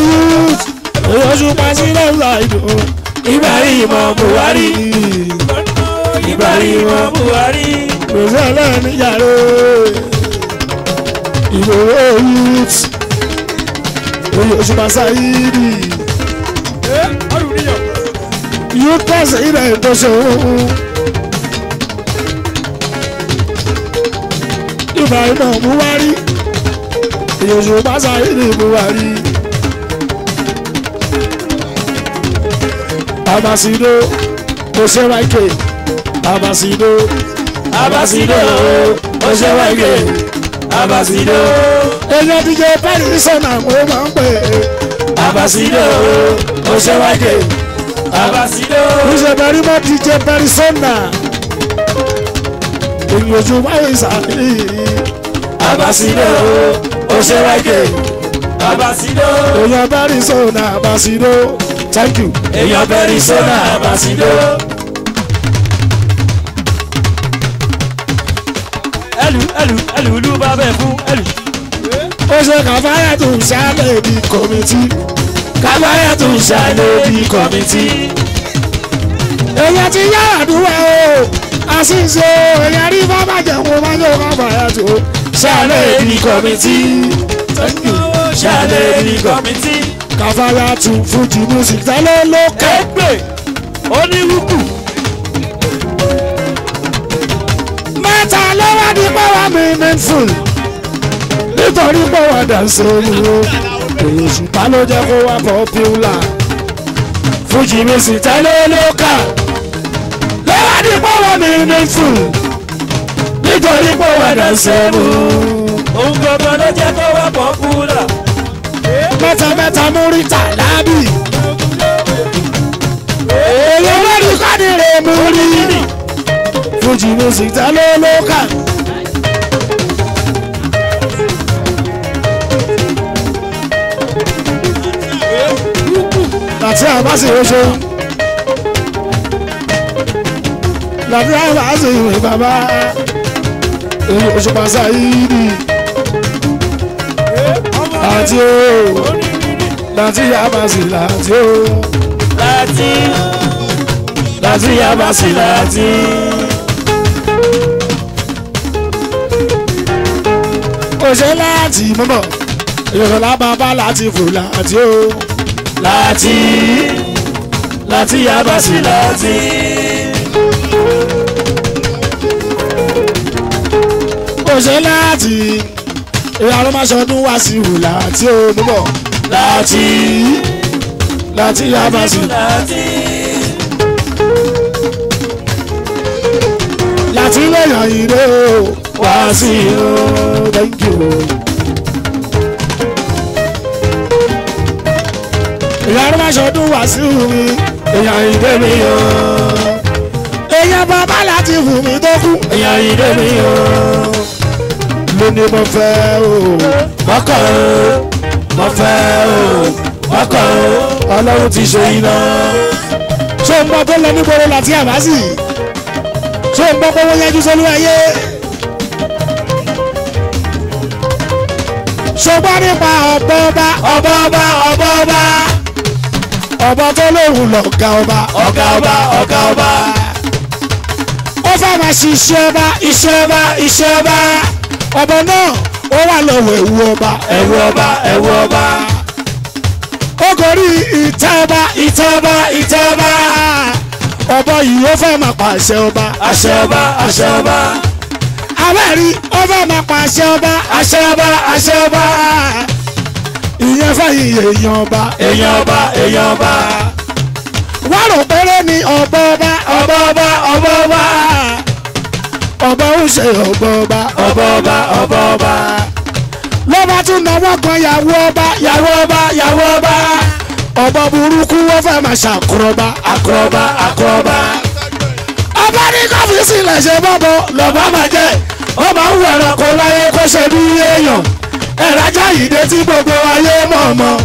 án oṣù pàṣípà láìdó Ibrahim Buhari Ibrahim Buhari kẹsàn lẹ́nu yàrá ìgbòho youth oṣù pàṣípà yìí. ọdún níyàwó. You pass it show. uterus ilẹ̀ ìtọ́sọ̀ òun. ibrahim buhari èyòsò bàtà ìdè buhari. abasido osewaike abasido abasido osewaike abasido. ẹyẹ díje paris sọ̀nà mo máa Abasido, pè é. abasido osewaike. Abasido, Muzabariba DJ Barisona. Onyoju Waisa. Abasido, Oṣewake. Abasido. Oya Barisona, Abasido. Thank you. Eya eh, Barisona, Abasido. Oh. Ẹlù ẹlù ẹlù ló bá bẹ̀ fún ẹlù. Ó ṣe kàfáyà tó ń ṣáà lè di káwáyà tún ṣàlódì kọ́mítì. èèyàn ti yá àdúrà o àṣìṣe èèyàn rí bábà jẹun bá yóò bá bàyà tó. ṣàlódì kọ́mítì. ṣàlódì kọ́mítì. kàfàrà tún fújì music tálẹ́ ló kẹ́. ẹgbẹ́ oníwùkù. mẹ́ta ló wá di power meaningful nítorí power dance ni òkèlè ṣùpá ló jẹ́ kó wá pọ́púlà fújì mi sì tẹ́lẹ̀ lókà lọ́wọ́ ní mi ní fún nítorí pọ́wọ́ náà sẹ́mu. òun gbọ́dọ̀ ló jẹ́ kó wá pọ́púlà. mẹ́ta mẹ́ta múrítà lábì. èyí ló rí kádìrì múrí fújì mi tí a sì ń ṣe. làbí a sì ń rìn bàbá èyí Òṣùpá Sáyídì àti o láti yabasi láti o láti láti yabasi láti. òṣèlú àti mọ́mọ́ ìrọ̀lá bàbá láti fò láti o láti láti yaba sí láti. bó ṣe láti ìyàrá máa ṣọdún wá sí ìhù láti ó múbọ̀ láti láti yaba sí láti. láti lè yàn yìí wá sí i thank you. ìyá rẹ máa ṣọdún wá sí mi ìyá ìdè mi o. èèyàn bàbá láti fún mi tó kú ìyá ìdè mi o. mo ní mo fẹ́ o mọ́kàn o mo fẹ́ o mọ́kàn o ọlọ́run ti ṣe iná. ṣé o ń tó lọ nígboro láti àmásì ṣé o ń gbọ́ yẹjú sọ́lú ayé. ṣùgbọ́n nípa ọ̀bọ̀ ọba ọ̀bọ̀ ọba ọ̀bọ̀ ọba ọba tó lóhùn lọ̀gá ọba. ọ̀gá ọba ọ̀gá ọba. ó fẹ́ máa ṣe iṣẹ́ ọba iṣẹ́ ọba iṣẹ́ ọba ọba náà ó wà lọ́wọ́ ẹ̀wù ọba. ẹ̀wù ọba ẹ̀wù ọba. ó gorí ìtẹ́ ọba ìtẹ́ ọba ìtẹ́ ọba. ọba yìí ó fẹ́ máa pa àṣẹ ọba. àṣẹ ọba àṣẹ ọba. abẹ́rẹ́ ó fẹ́ máa pa àṣẹ ọba. àṣẹ ọba àṣẹ ọba ìyẹn fàyè èèyàn ọba. èèyàn ọba èèyàn ọba. wá rò péré ni ọba ọba ọba ọba ọba ọba. ọba ń ṣe ọba ọba. ọba ọba ọba ọba. lọ́ba tún náwó kan yàwó ọba yàwó ọba yàwó ọba. ọba burúkú wọ́n fẹ́ máa ṣàkúrọ̀bá àkúrọ̀bá àkúrọ̀bá. ọba ní káfíńsì lè ṣe bọ́bọ̀ lọ́ba máa jẹ́ ọba ń wẹ̀rọ kó láyé kó ṣe bí èèyàn ẹ̀rájà ìdè tí gbogbo ayé mọ̀ mọ́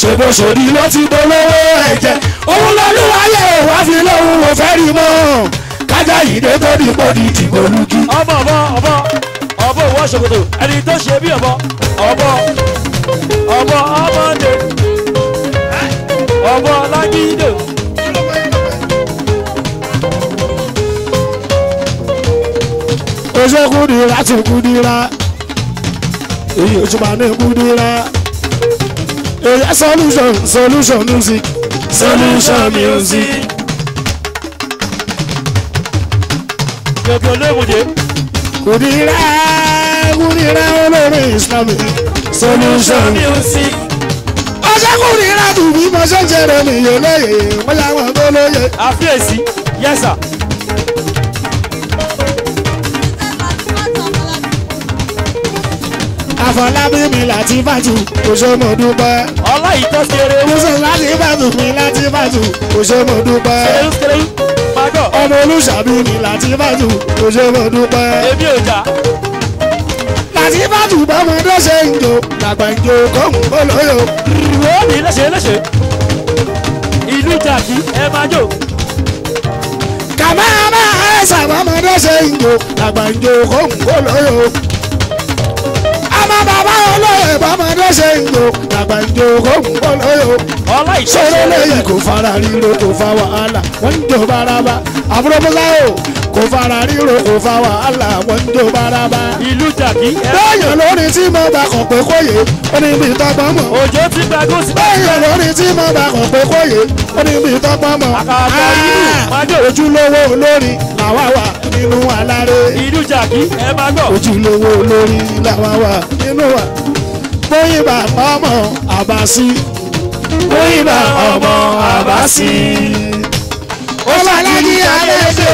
ṣòbòṣòdì ló ti dolówó ẹ̀jẹ̀ òun lọ́lúwayé wá fi lóhun ò fẹ́ rí mọ́ kájà ìdè tó di pòdì tìgbò lùkì. ọmọ ọmọ ọmọ ọbọ ìwọ ṣòkòtò ẹni tó ṣe bí ọbọ ọbọ ọbọ ọmọdé ọbọ lágídé. oṣù kùdìrà tún kùdìrà èyí òṣùpá ní kúdúrà èyí solution solution music solution music. gbogbo lóòmùjẹ. kúdúrà kúdúrà olórin islamic solution music. ọjọ́ kúdúrà dùn bí mo ṣe ń jẹrẹ mi yóò lóye mo yà wọ́n tó lóye. àfíyèsí yẹ́sà. Yes, sir. àfọlábí mi láti fàtú òṣèmọ dúpẹ́. ọlá ìtọ́sẹ̀rẹ̀ wò. yusuf láti fàtú mi láti fàtú òṣèmọ dúpẹ́. ọmọ olùṣàbí mi láti fàtú òṣèmọ dúpẹ́. èmi ò jà. láti fàtú bọ́mọdé ṣe ń jò làgbà ń jò kọ́hún olóyò. wọ́n mi léṣe léṣe ìlú jàdí ẹ máa jò. kàmáà máa ẹ sàbọ̀mọdé ṣe ń jò làgbà ń jò kọ́hún olóyò bàbá olóyè bọ́mọdé ṣe ń lò dàgbà ìjò kó ń bọ̀ lóyò. sọ̀rọ̀ lẹ́yìn kò fara ríro kò fa wàhálà wọ́n ń jò báraba. àbúrò bọ́lá o kò fara ríro kò fa wàhálà wọ́n ń jò báraba. ìlú jàbí. lẹ́yìn lórin tí mo bá kàn pé kóyè ó ní bí tọ́gbọ́n mọ̀. òjò ti gba gúúsù. lẹ́yìn lórin tí mo bá kàn pé kóyè ó ní bí tọ́gbọ́n mọ̀. àkàtà ah! làwa wà nínú aláré. ìlú jàkí ẹ bá gbọ́. ojúlówó olórí làwa wà nínú wa. bóyìnbà ọmọ àbàsí. bóyìnbà ọmọ àbàsí. ó ṣàkíyí alẹ́ ṣe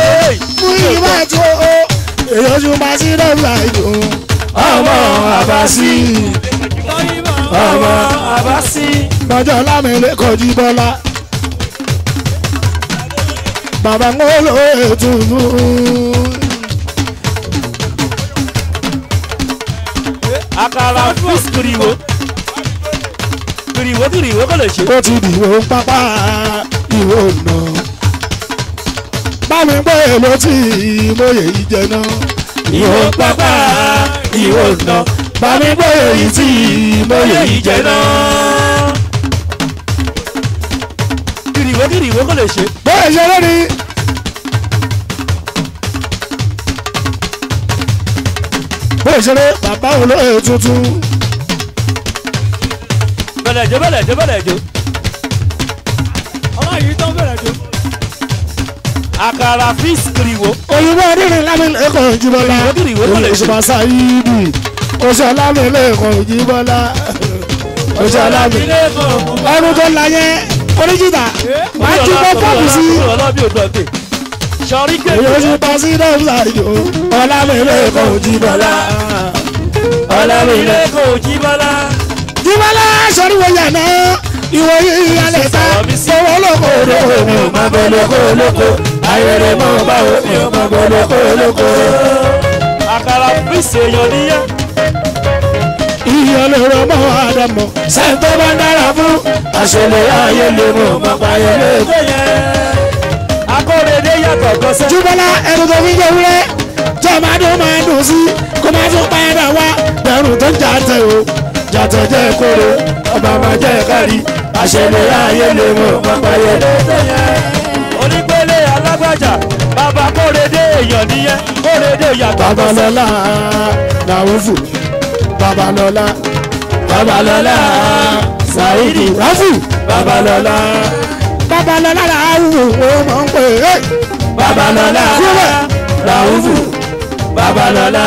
fún ìwà tó o. èyí ojú bá sí dọ́gba ìlú. ọmọ àbàsí. bóyìnbà ọmọ àbàsí. lọ́jọ́ lámẹ́lẹ́kọ̀ọ́ jí bọ́lá bàbá Molo Etunu. àkàrà fúsù kìrìwò kìrìwò kìrìwò kò lè ṣe. ó ti dìwò pápá ìwò nà bá mi gbé èlò tí ìmòye yìí jẹ náà. ìwò pápá ìwò nà bá mi gbé èyí tí ìmòye yìí jẹ náà. ògiri ìwé kò lè ṣe. bẹ́ẹ̀ ṣe lónìí. bẹ́ẹ̀ ṣe lé bàbá olóyè tuntun. bẹ̀rẹ̀ jó bẹ̀rẹ̀ jó bẹ̀rẹ̀ jó. ọmọ yìí tán bẹ̀rẹ̀ jó. àkàrà fíìsìkìrì wo. olùwé rírì lámìlẹ̀ ẹ̀kọ́ ìjìbọ̀lá ògiri ìwé kò lè ṣe. olùsùnmọ̀ sáyidi oṣù lámìlẹ̀ ẹ̀kọ́ ìjìbọ̀lá oṣù lámìlẹ̀ ẹ̀kọ́ ìjìbọ̀lá ẹnu la yẹn oníjìtà wàá ju bọ́ fọ́ọ̀mù sí. Èyí ti pa sí dọ́ọ̀lá ìdò. Ọlá mi lè kó Jíbọ́lá. Ọlá mi lè kó Jíbọ́lá. Jíbọ́lá sọ́rí wo yàrá ìwòye ìyálẹ̀ ta. Owó lóko lóko mi ò máa bọ̀ lóko lóko. Ayẹ̀rẹ̀ mọ́ báwo mi ò máa bọ̀ lóko lóko. Àkàrà fún ìṣèyàn níyà iye olóró mọ́ àdàmọ́. sẹ́ńtọ́ bá dára fún àṣẹlẹ̀ ayé lè mọ̀ pàpà yẹn lè gbé yẹn. akóredé yàtọ̀ kan sẹ́. jubọ́lá ẹnu tó fi yẹ wúrẹ́ jọ máa dún máa dùn sí kó máa tún pa ẹ̀dá wá bẹ̀rù tó ń jà tẹ̀ o jàtọ̀ jẹ́ kóró ọba máa jẹ́ kárí àṣẹlẹ̀ ayé lè mọ̀ pàpà yẹn lè gbé yẹn. bàbá kóredé èèyàn nìyẹn kóredé yàtọ̀ kan sẹ́. babalọ́lá làwọn fò. Babalọ́lá Babalọ́lá Saidi Rasu Babalọ́lá Babalọ́lá Raufu ó mọ̀ ń pè é Babalọ́lá Raufu Babalọ́lá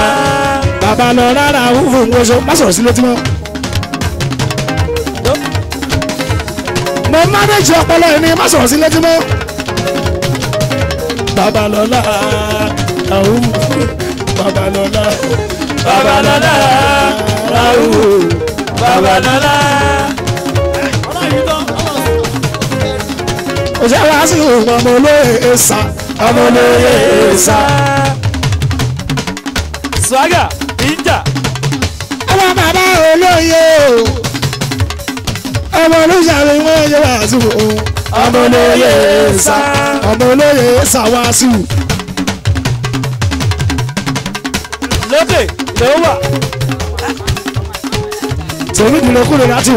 Babalọ́lá Raufu ń gbóso má sọ̀rọ̀ sí létí mọ́. mo mánéjì ọpọlọ ẹ ní má sọ̀rọ̀ sí létí mọ́. Babalọ́lá Raufu Babalọ́lá babalọ́lá rahu babalọ́lá. òṣè wàásù ọmọ olóye sá ọmọ olóye sá. swaga ninja. ọmọ bàbá olóye o ọmọ olóṣàlẹ̀ wọ́n yẹ wàásù o ọmọ olóye sá ọmọ olóye sá wàásù. Jehovah tèmi dìrò kúndìrà tù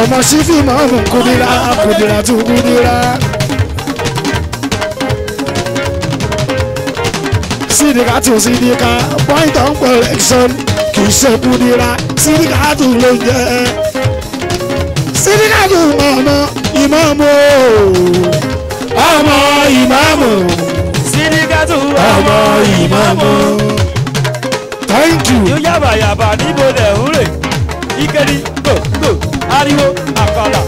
ọmọ sífì máa mú kúndìrà kúndìrà tù kúndìrà sídìkà tù sídìkà point of collection kì í ṣe kúndìrà sídìkà tù ló jẹ sídìkà tù ọmọ ìmáàmù ọmọ ìmáàmù sídíkàtù ọmọ ìmọ̀mọ́. thank you. yóò yaba yaba níbo lẹ̀ ń rè ìkẹ́ni go ariwo àkọlà.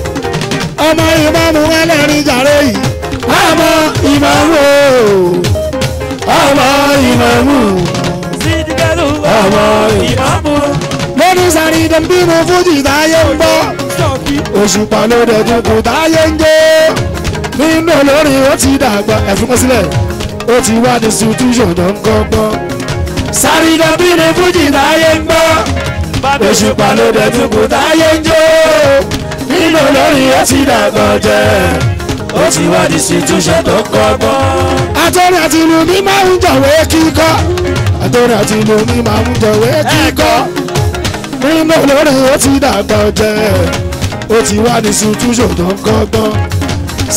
ọmọ ìmọ̀mọ́ ẹlẹ́rìí jàre yìí ọmọ ìmọ̀mọ́ ọmọ ìmọ̀mọ́. sídíkàtù ọmọ ìmọ̀mọ́. lórí sáré dèbínú fújì táyé ń bọ́ òṣùpá lóde tuntun táyé ń jó nínú olórin ó ti dàgbà ẹ̀fúnkọ́sílẹ̀ ó ti wá di sùtúṣọ̀ tó ń kọ́kọ́. sáré bí ni fújì táyé ń gbọ́ òṣùpá ló dẹ̀ tún kò táyé ń jó nínú olórin ó ti dàgbọ́ jẹ́ ó ti wá di sùtúṣọ̀ tó ń kọ́kọ́. àtọ́rin àti inú mi máa ń jọ̀wé kíkọ́ àtọ́rin àti inú mi máa ń jọ̀wé kíkọ́ nínú olórin ó ti dàgbọ́ jẹ́ ó ti wá di sùtúṣọ̀ tó ń kọ́kọ́.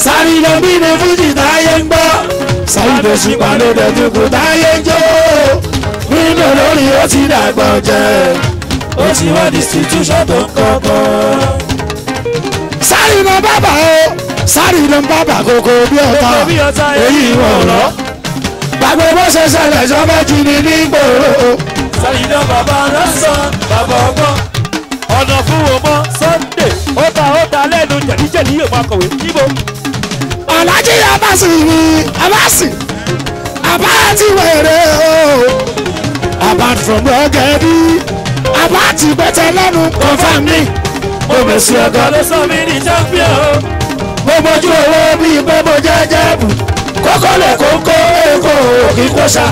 sáré bí ni fújì táyé ń gbọ́. Saheed Òṣùpá ló dẹjú kù táyé ń jó nínú olórí ó ti dàgbọ́n jẹ ó ti wá distitution tó ń kọ́kọ́. sáré iná bàbà o sáré iná bàbà kòkó bí ọ̀tá èyí wọ̀ lọ. gbàgbé bó ṣe ṣẹlẹ̀ sọ́mọ́ jí ni nígboro. sáré iná bàbá lọ́sàn bàbá ọgbọ́n ọ̀nà fún wọn mọ́ Sunday ó ta ó ta lẹ́nu jẹ̀díjẹ̀dí yóò máa kọ̀wé níbo alájí abasi ni abasi abati wèrè o apart from rọgẹdi abati pẹtẹ lẹ́nu confam ni mo bẹ sí ọgọ ló sọ mí ní champion mo mojú owó bíi pé mo jẹ jẹbù kókó lè kókó èkó òkè kóṣà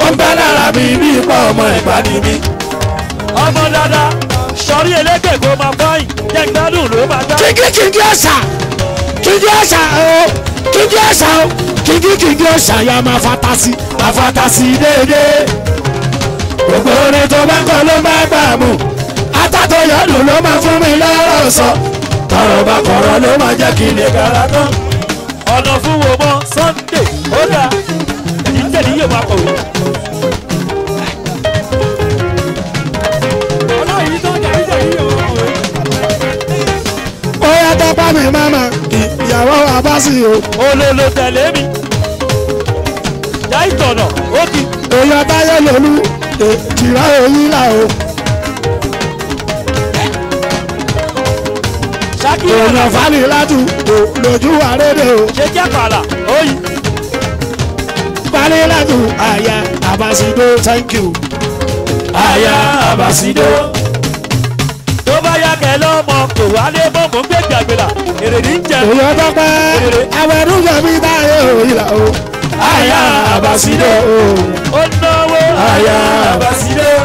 ó ń bẹ lára mi bí ipa ọmọ ìpàdé mi. ọmọ dada sọrí eléke kó máa fọyín jẹ gbádùn ló máa dá. kíkí kíkí ọ̀sà kìkì ọ̀sà o kìkì ọ̀sà o kìkì kìkì ọ̀sà ya máa fata sí máa fata sí déédéé gbogbo orin tó bá ń kọ ló máa gbà mú atátó yọdún ló máa fún mi lọ́rọ̀ sọ tọrọ bá kọrọ ló máa jẹ́ kí lè gara tán. ọ̀nà fún wo mọ́ Sunday ó dà èyí tẹ̀lé yé wa kọ̀wé. ọlọ́yin bàbá bàbá sí o. olólo tẹ̀lé mi já ìtọ̀nà ó kì. èèyàn táyé lòlú e, tìrá òyìn là o. ònà fani látù lójú àrédè o. ṣé kí àpàlà ó yí. fani látù àyà àbàṣìdó thank you. àyà àbàṣìdó jẹ lọ́mọ kò wálé bọ́ọ̀mù gbé gbàgbéra èrè ní jẹ. òyò tọpẹ àwọn ẹrú yọmí báyé òyìnlá o. àyà àbàsílẹ̀ o. ó náwó àyà àbàsílẹ̀.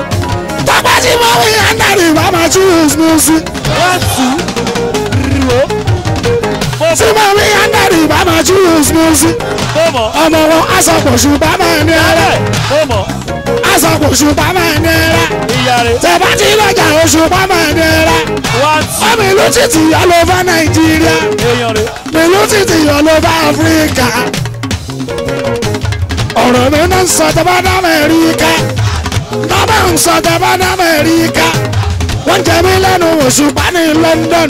tọpẹ tí mo rí andari mama choose music. wọ́n tù rò. tí mo rí andari mama choose music. ọmọ wọn aṣọ pọ̀ ṣùgbọ́n máa ní ẹrẹ́ sọ kò ṣùpá máa nira tẹ̀bá tí lọ́jà òṣùpá máa nira ọmọ ìlú títì all over Nàìjíríà ìlú títì all over Áfíríkà ọ̀rọ̀ mi náà sọ tẹ́bá ní Amẹ́ríkà nọ́bà ń sọ tẹ́bá ní Amẹ́ríkà wọ́n jẹ mí lẹ́nu òṣùpá ní London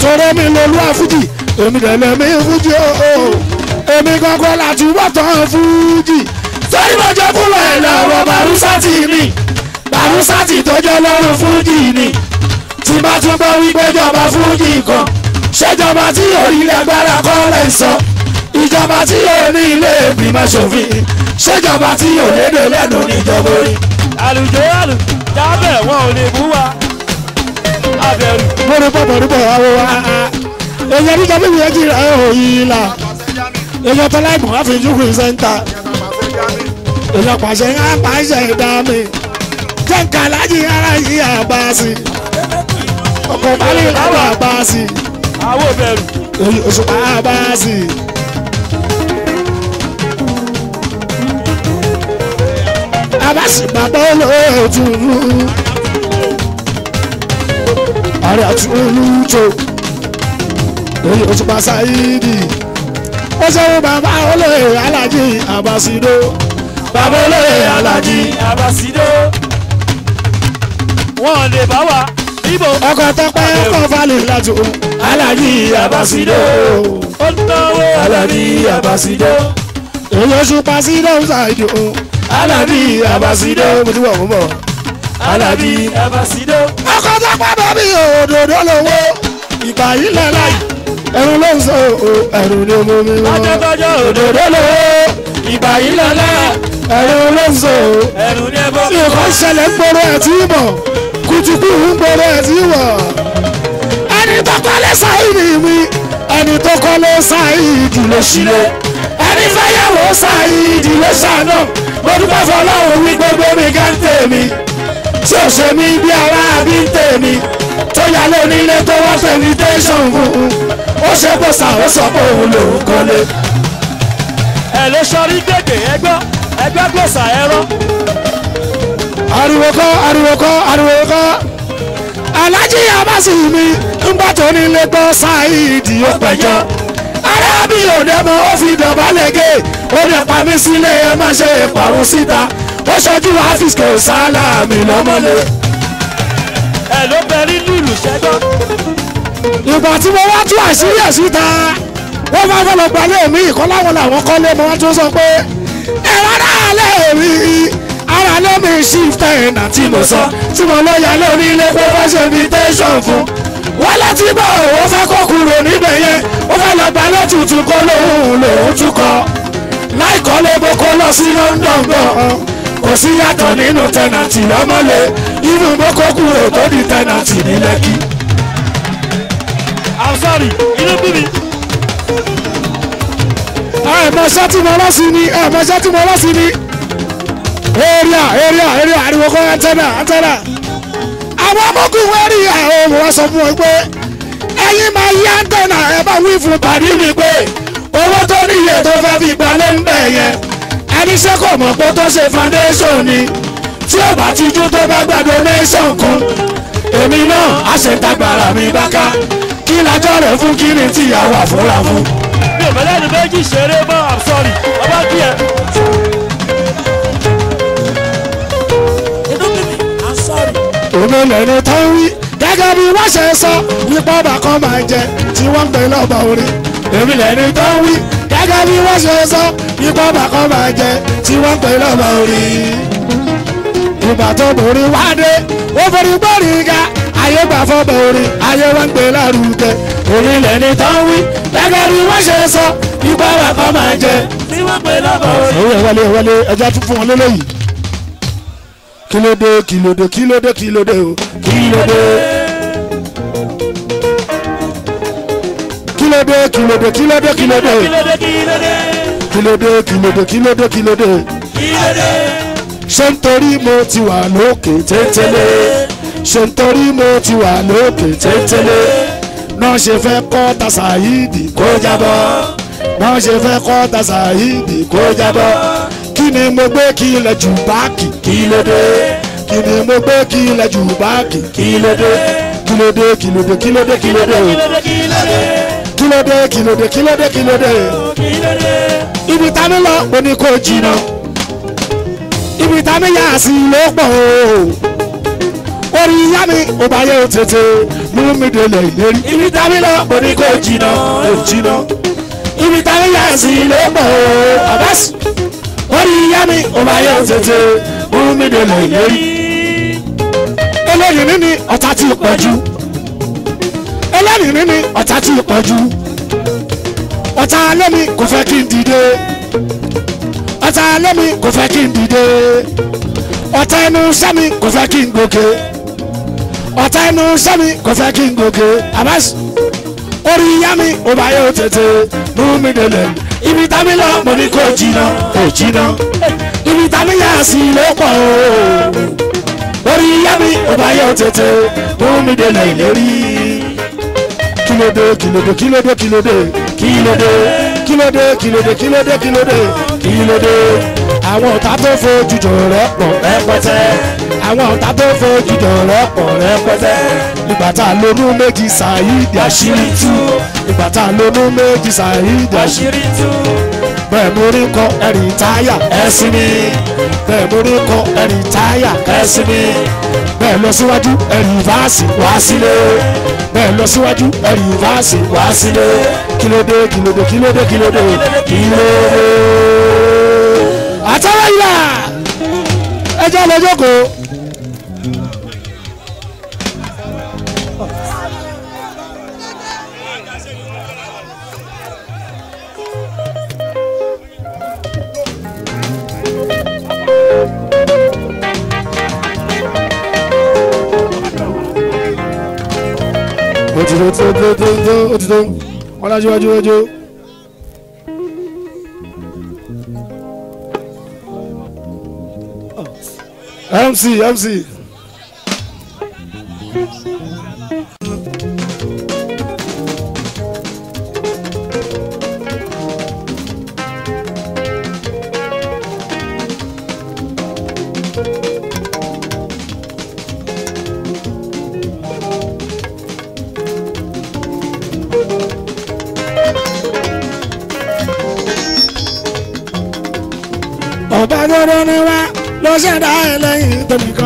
tọrọ mi lọ́lú àfújì èmi dẹ̀ lẹ́mí fújì o oh, oh. èmi gangan láti wọ́tọ̀ fújì sórí mọ́jọ́ kúrò ẹ̀ lọ́wọ́ bàrúsátì ni bàrúsátì tó jẹ́ lọ́rùn fújì ni tí bá tún gbọ́ wípé jọba fújì kan ṣèjọba tí orílẹ̀ agbára kọ́ rẹ̀ sọ ìjọba tí yóò ní ilé ìgbìmọ̀ ṣòfin ṣèjọba tí yóò lédè lẹ́nu níjọba orí. àlùjọ àlù dábẹ̀ wọn ò lè bú wa abẹ́rù. mo rí bọ̀bọ̀ rí bọ̀wá wo wa èyí ẹni jẹ́ mímu yẹn jìnnà ẹ̀ òyìn la èyí ọ̀tọ̀ láì bùn àfi ìjókòó ìṣẹ́ńtà ìlọpàṣẹ ń pàṣẹ ìdámi jẹ́ǹkà lájì ara yìí àbáṣì ọkọ̀ balẹ̀ lọ́wọ́ àbáṣì òṣùpá àbáṣì. abasi bàbá olóòtúrú àrẹ àtúntò òṣùpá sáyidi ó ṣeun bàbá olóyè alájí àbàṣìdó. bàbá olóyè alájí àbàṣìdó. wọ́n lè bá wa ibo. ọkọ̀ tọpẹ́ ọkọ̀ falẹ̀ láti o. alájí àbàṣìdó. ó náwó alájí Abasido, èyí oṣù pàṣídó ń ṣàìjò. alájí àbàṣìdó. mo ti wọ̀ mo bọ̀. alájí àbàṣìdó. ọkọ̀ tọpẹ́ bọ̀ bí òdòdó lówó. ìgbà yìí lẹ́ láyìí ẹ̀rù ló ń sọ o ẹ̀rù ló mú mi wá. lọ́jọ́kọ́jọ́ òdòdó lówó ìgbà yìí lọ́lá. ẹ̀rù ló ń sọ o ẹ̀rù ní ẹbọ. tí o bá ṣẹlẹ̀ ń gbòòrò àti ìmọ̀ kùtùkù ń gbòòrò àti ìwọ̀. ẹni tó kọ́lé sáyìdì mi ẹni tó kọ́lé sáyìdì ló ṣílẹ̀ ẹni fẹ́yàwó sáyìdì ló ṣàánú mo dúpẹ́ fọlọ́run wí gbogbo mi ká ń tèmi tí ò ṣe mí bí ara àbí ń tèmi tó yà lónílé tó wá sẹ́ni tẹ́sán fún un ó ṣe bó sa ó sọ pé òun lòun kọ́lé. ẹ ló sọrí gègé ẹgbọ́ ẹgbẹ́ gbòòsà ẹ̀rọ. ariwo kọ́ ariwo kọ́ ariwo kọ́ alájí abasi mi ńgbà tó nílé gbọ́ Saheed ó pẹ̀jọ́ arábì òdẹ́mọ ó fi dọ̀bálẹ̀ gé ó dẹ̀ pa mí sílé ẹ má ṣe ìpàrọ̀ síta ó ṣojú hafiz kò sálà mi lọ́mọlé. ẹ ló bẹ̀rí lùlù ṣẹ́gbọ́n ìgbà tí mo wá tú àṣírí ẹ̀ síta wọ́n máa fẹ́ lọ gbalẹ̀ mi ìkọ́ láwọn làwọn kọ́lé mo wá tún sọ pé ẹ̀rọ náà lè rí ara lé mi ṣífẹ́ ẹ̀nà tí mo sọ tí mo lọ yà lórí ilé pé wọ́n ṣe mi tẹ́sán fún wọ́n láti bọ̀ ó fẹ́ kó kúrò níbẹ̀ yẹn ó fẹ́ lọ gbalẹ̀ tuntun kó lóhùn lòún tún kọ láìkọ́ lé boko lọ sí London gan-an kò sí yàtọ̀ nínú tẹ̀nàtì lọ́mọ́lé inú boko kúrò tó di tẹ̀nàtì ní Lẹ́kì àwùsọ̀rì inú bí mi. ẹ̀ẹ̀mọ̀ sátì mọ́ ọlọ́sìn ni ẹ̀ẹ̀mọ̀ sátì mọ́ ọlọ́sìn ni. Eria, Eria, Eria. ariwo kọ́ antenna antenna. àwọn ọmọkùnrin wẹ́n rí àwọn ọmọ wa sọ fún wọn pé ẹ̀yin máa yí antenna ẹ̀ bá wí fún pàdé mi pé owó tó ní iye tó fẹ́ fi gbalẹ̀ ń bẹ̀ yẹn ẹni ṣé kò mọ̀ pé tó ṣe foundation ni tí ò bá tijú tó bá gba donation kan èmi náà á ṣe tagbára mi bá ká kí lájọ́ rẹ̀ fún kí ni tíyàwó àfúrà fún. mi ò bẹ̀rẹ̀ ní méjì ṣeré mọ́ i'm sorry ọba kí ẹ. inú bíbí i'm sorry. òun lẹ́nu tó ń wí gẹ́gẹ́ bí wọ́n ṣe sọ nípa ọba kan máa jẹ tí wọ́n ń pè lọ́ba orí. èmi lẹ́nu tó ń wí gẹ́gẹ́ bí wọ́n ṣe sọ nípa ọba kan máa jẹ tí wọ́n ń pè lọ́ba orí. ìbàdàn borí wá dé ó forí gbórí ga ayé gbà fọ́bọ̀ orin ayé wá ń gbé lárugẹ. orin lẹ́ni tó ń wí gẹ́gẹ́ bí wọ́n ṣe sọ ipá wa kọ́ máa jẹ bí wọ́n gbé lọ́bọ̀ orin. ẹ wọlé ẹ wọlé ẹja tún fún wọn lélẹ́yìí. kí ló dé kí ló dé kí ló dé kí ló dé o kí ló dé. kí ló dé kí ló dé kí ló dé kí mo ti wà lókè tẹ́tẹ́lẹ́ ṣe ń torí mo ti wà lókè tètèlé náà ṣe fẹ́ kọ́ ta Saheed kó jábọ́ náà ṣe fẹ́ kọ́ ta Saheed kó jábọ́ kí ni mo gbé kí ilẹ̀ jù báàkì kí ló dé kí ni mo gbé kí ilẹ̀ jù báàkì kí ló dé kí ló dé kí ló dé kí ló dé kí ló dé kí ló dé kí ló dé kí ló dé kí ló dé kí ló dé. ibi ta ni lọ òní kò jìnnà ibi ta ni yà sí ló pọ̀ o orí yá mi ó bá yẹ ó tètè mú mi délé ìlérí. ibi tábí lọ kò ní kó jìnnà kò jìnnà ibi tábí yà sí ilé pọ̀ ọ̀bá sí. orí yá mi ó bá yẹ ó tètè mú mi délé ìlérí. eléyìí nínú ọ̀tá ti pọ̀ jù eléyìí nínú ọ̀tá ti pọ̀ jù ọ̀tá lẹ́mi kò fẹ́ kí n dìde ọ̀tá lẹ́mi kò fẹ́ kí n dìde ọ̀tá ẹnu sẹ́mi kò fẹ́ kí n gòkè ọ̀tá ẹnu sẹ́mi kò fẹ́ kí n gòkè abasi orí yá mi ò bá yóò tètè mú mi délẹ̀ ibi tábí lọ mo ní kó jìnnà kó jìnnà ibi tábí yà sí ló pọ̀ o orí yá mi ò bá yóò tètè mú mi délẹ̀ ìlérí kílódé kílódé kílódé kílódé kílódé kílódé kílódé kílódé kílódé kílódé kílódé àwọn ọ̀tá tó fojú jọ rẹ̀ pọ̀ rẹpẹtẹ àwọn ọ̀tá tó fojú jọ rẹ̀ pọ̀ rẹpẹtẹ ìgbà tá a lónú méjì ṣàyídì àṣírí tú ìgbà tá a lónú méjì ṣàyídì àṣírí tú bẹ́ẹ̀ mo rí kọ ẹ̀rìn táyà ẹ̀sìn mi bẹ́ẹ̀ mo rí kọ ẹ̀rìn táyà ẹ̀sìn mi bẹ́ẹ̀ lọ síwájú ẹ̀rìn fáàsì wá sílé bẹ́ẹ̀ lọ síwájú ẹ̀rìn fáàsì wá sílé kílódé kílódé kílódé kílódé kílódé àtàwọn ìlà ẹjọ́ lọ́jọ́ kó. ó ti tó ó ti tó ó ti tó ó ti tó ọlájú wájú wájú. MC, MC.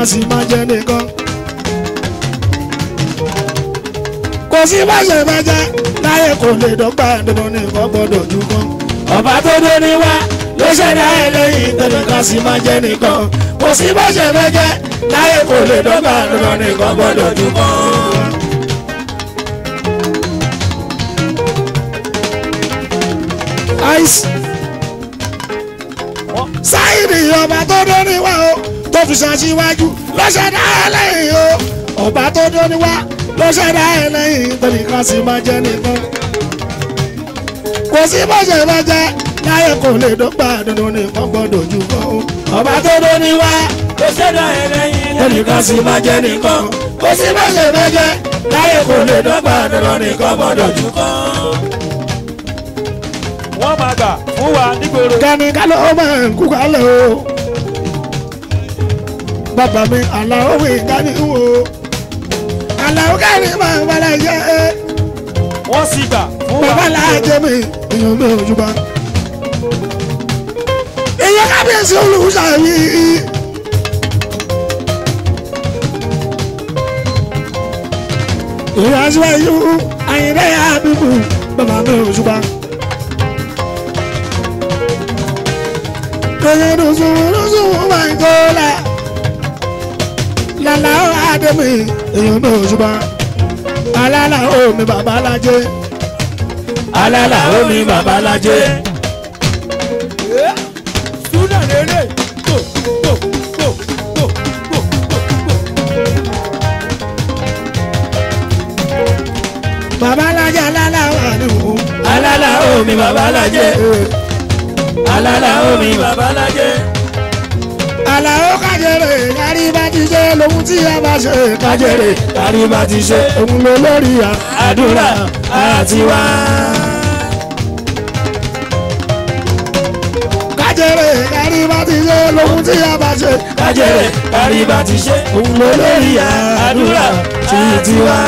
kan sì máa jẹ nìkan. kò sí báṣẹ bájá láyé kò lè dọ́gba dandan nìkan gbọ́dọ̀ jù kan. ọba tó dé ní wá ló ṣẹ̀dá ẹlẹ́yìn dandan kan sì máa jẹ nìkan. kò sí báṣẹ bájá láyé kò lè dọ́gba dandan nìkan gbọ́dọ̀ jù kan. ice. ọba tó dé níwá o tó fi ṣan síwájú ló ṣẹ̀dá ẹlẹ́yìn o ọba tó dóni wá ló ṣẹ̀dá ẹlẹ́yìn tẹnìkan sì máa jẹ́ nìkan. kò sí bọ́sẹ̀ bá jẹ́ láyé kò lè dọ́gba dandan nìkan gbọ́dọ̀ jù kọ́ o ọba tó dóni wá ló ṣẹ̀dá ẹlẹ́yìn tẹnìkan sì máa jẹ́ nìkan. kò sí bọ́sẹ̀ bá jẹ́ láyé kò lè dọ́gba dandan nìkan gbọ́dọ̀ jù kọ́ wọ́n máa gbà fún wa nígboro. kẹ́mi ká ló máa ń kú kálẹ̀ o bàbá mi Àlàó Gani wò Àlàó Gani máa ń balẹ̀ yẹ. wọ́n sì gbà fún wa. bàbá làájẹ́ mi èèyàn mi ò jùbọ́. èèyàn kábíyèsí olùwùsà mi. ìyá síwájú àyìnbẹ́ yà á bíbù bàbá mi ò jùbọ́. Kòyè lóṣù lóṣù máa ń kó la lálá àdèmí èèyàn náà òṣùpá alálà omi bàbá lájẹ alálà omi bàbá lájẹ. súnà rere kò kò kò kò kò kò kò. bàbá lájẹ alálà wà ní wò. alálà omi bàbá lájẹ eh. alálà omi bàbá lájẹ. àlàó ká jíjẹ lóhun tí a bá ṣe kájẹrè kárí bá ti ṣe òun ló lórí àdúrà àtiwá. kájẹrè kárí bá ti ṣe lóhun tí a bá ṣe kájẹrè kárí bá ti ṣe òun ló lórí àdúrà tìtiwá.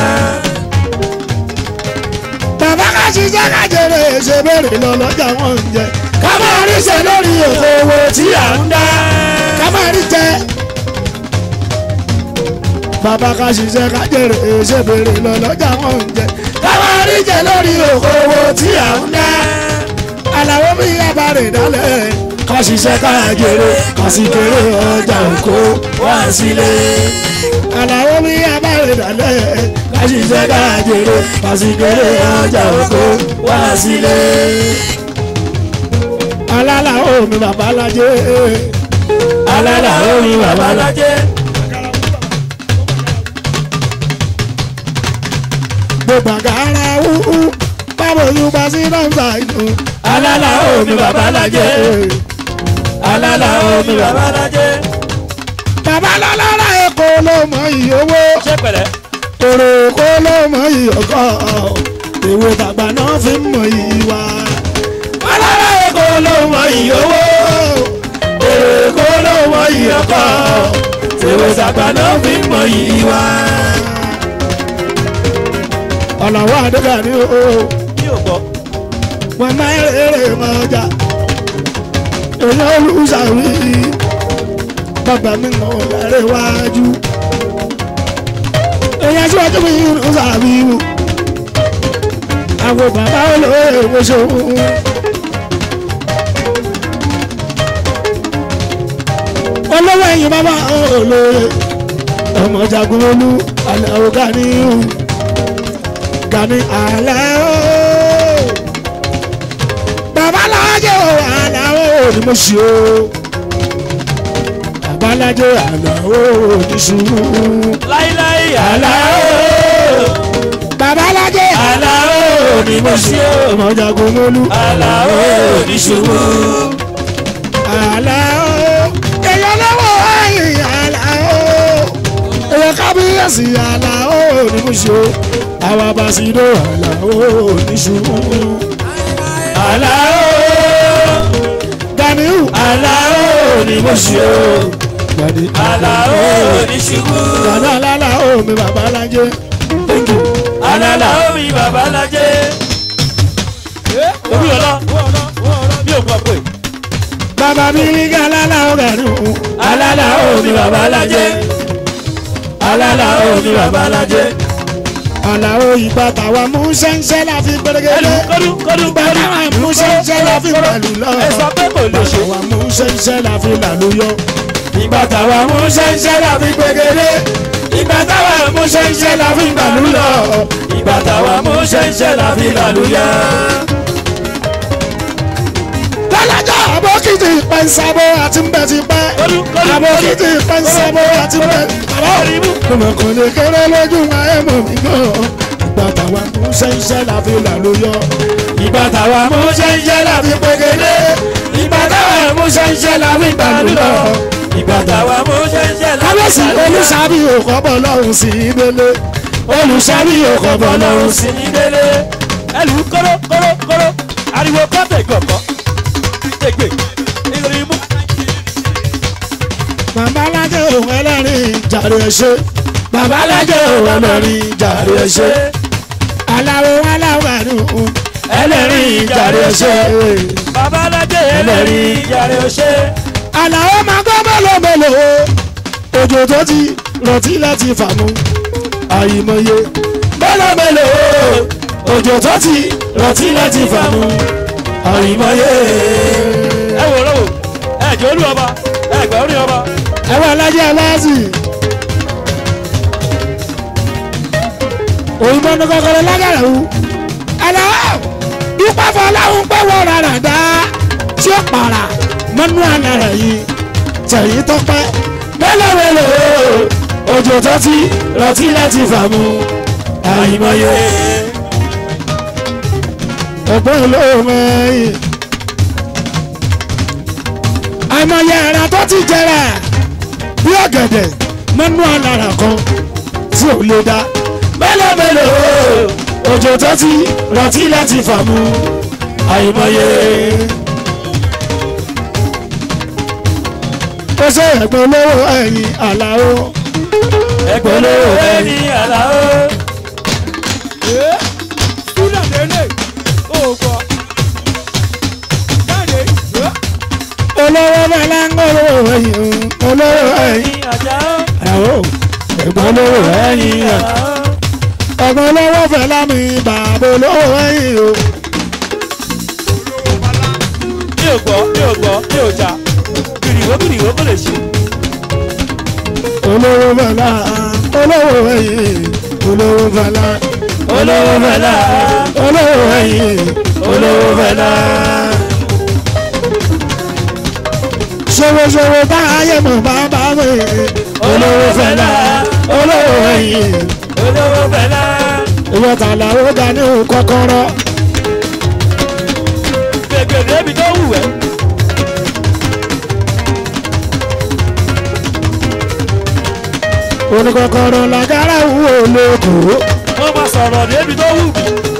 bàbá ká ṣiṣẹ́ kájẹrè ṣe bẹ̀rẹ̀ lọ lọ́jà wọn jẹ ká máa rí ṣe lórí òkòwò tí à ń dá ká máa rí bàbá ká ṣiṣẹ́ ká jèrè èṣe bèrè lọ lọ́jà wọn ń jẹ káwá rí jẹ lórí òkòwò tí à ń dá àlàó bí abàrè dálẹ̀ ká ṣiṣẹ́ ká jèrè ká sì kéré ọjà òkò wá sílé àlàó bí abàrè dálẹ̀ ká ṣiṣẹ́ ká jèrè ká sì kéré ọjà òkò wá sílé alálàó mi bàbá lajẹ alálàó mi bàbá lajẹ. gbogbo gbàgàrà wúwú báwo yóò bá sí dáńsà inú. alálà omi bàbá lajẹ alálà omi bàbá lajẹ. bàbá lọ́lọ́rọ̀ èkó ló mọ ìyówó. ṣé pẹ̀lẹ́. tòrò èkó ló mọ ìyọ̀kọ́ èwo tàgbà náà fi mọ ìwà. alálà èkó ló mọ ìyówó. tòrò èkó ló mọ ìyọ̀kọ́ èwo tàgbà náà fi mọ ìwà ọ̀làwọ̀ àdébàní o. mi ò gbọ́. wọn máa ń rèrè mọ ọjà èyí olùsàwí bàbá mi mọ ọ̀làrẹ̀ wájú èyí aṣíwájú mi olùsàwí wò àwọn bàbá olóyè mo ṣòwò. olówó ẹ̀yìn bàbá olóyè ọmọ jagun olú àlàó ká níhùn. Gani alẹ́ o. babalájẹ́ o aláwọ̀ ni mo ṣe o. ala o, ni sùúrù. láíláí aláwọ̀. babalájẹ́ aláwọ̀ ni mo ṣe o. ọmọ jagun ala o, ni ala. aláwọ̀. kábíyèsí Àlàó onímúṣó àwa bá sí ló Àlàó oníṣú. Àlàó Ganiu Àlàó onímúṣó gbàdé Àlàó oníṣú. gbàdé Àlàó mi bàbá lajẹ. Àlàó mi bàbá lajẹ. orí ọlá mi òun bá pè é bàbá mi ní ká Àlàó Ganiu Àlàó mi bàbá lajẹ alala omi babalajẹ. Àlàó ìgbà tàwa mú sẹ́ńsẹ́ la fi gbẹ̀rẹ̀gẹ̀dẹ̀. Ìgbà tàwa mú sẹ́ńsẹ́ la fi làlù lọ. Ìgbà tàwa mú sẹ́ńsẹ́ la fi làlù yọ. Ìgbà tàwa mú sẹ́ńsẹ́ la fi gbẹ̀gẹ̀dẹ̀. Ìgbà tàwa mú sẹ́ńsẹ́ la fi làlù lọ. Ìgbà tàwa mú sẹ́ńsẹ́ la fi làlù yọ. ìpẹ́ ń sábọ́ àti ń ti pẹ́. àbòkí ti ìpẹ́ ń àti ń bẹ̀. ọmọkùn lè lójú ayé mọ̀ mí náà. ìgbà tàwa mú ṣẹ́ńṣẹ́ la fi là ló yọ. ìgbà tàwa mú ṣẹ́ńṣẹ́ la fi pegele. ìgbà tàwa mú ṣẹ́ńṣẹ́ la fi gbà lọ. ìgbà tàwa mú ṣẹ́ńṣẹ́ la fi gbà lọ. kábíyèsí olùsàbí òkò bọ̀ lọ́rùn sí i délé. olùsàbí òkò bọ̀ lọ́rùn sí i délé. ẹlú kóró kóró kóró ariwo kọ́tẹ̀ gọ̀gọ́ babalájẹ òun ẹlẹ́rìn jàre ẹṣẹ́ babalájẹ òun ẹlẹ́rìn jàre ẹṣẹ́ aláwo aláwo ẹ̀rùn ẹlẹ́rìn jàre ẹṣẹ́ babalájẹ ẹlẹ́rìn jàre ẹṣẹ́ aláwo máa gbọ́ mélòmélò òjò tó ti rántí láti fàmú àyìmọye mélòmélò òjò tó ti rántí láti fàmú àyìmọye. ẹ wò lọ́wọ́ ẹ jẹ́ olú ọba ẹ gbẹ́ orí ọba ẹwà alájẹ aláàzì òyìnbó ní kọ́kọ́rọ́ lágàrà wù ẹlẹ dúpẹ́ fọláhùn pé wọ́n rárá dá tí ó pààrà mọ́nú àná rẹ̀ yìí tẹ̀yìn tọ́pẹ́ mẹ́lẹ̀mẹ́lẹ̀ òjò tó ti rọtí láti fàmù àìmọye ọ̀pọ̀ olóòmọ yìí àìmọye ẹ̀rọ tó ti bí ọ̀gẹ̀dẹ̀ mẹ́nu alára kan tí ò lè dá. mélòmélò òjò tó ti rántí láti fàmù àìmọye. ó ṣe ẹ̀gbọ́n lọ́wọ́ ẹ̀yìn àlàó. ẹ̀gbọ́n lọ́wọ́ ẹ̀yìn àlàó. olóró balangolo ẹyin olóró ẹyin àjàó ẹ̀gbọ́n olóró ẹyin àjàó ọ̀gbọ́n olóró fẹlá mi bàbá olóró ẹyin o. mi ò gbọ́ mi ò gbọ́ mi ò jà kìrìwó kìrìwó kò lè ṣe. olóró fẹlá olóró ẹyin olóró fẹlá olóró fẹlá olóró ẹyin olóró fẹlá. ṣòro ṣòro táyé mọ̀ bàbá wẹ̀. olówó fẹ́lá olówó ẹ̀yìn. olówó fẹ́lá. ìwọ tààlà ó ga ní kọ́kọ́rọ́. gbègbè débi tó wù ẹ́. oníkọ́kọ́rọ́ làgárà wù ó lóko. wọ́n máa sọ̀rọ̀ tó wù mí.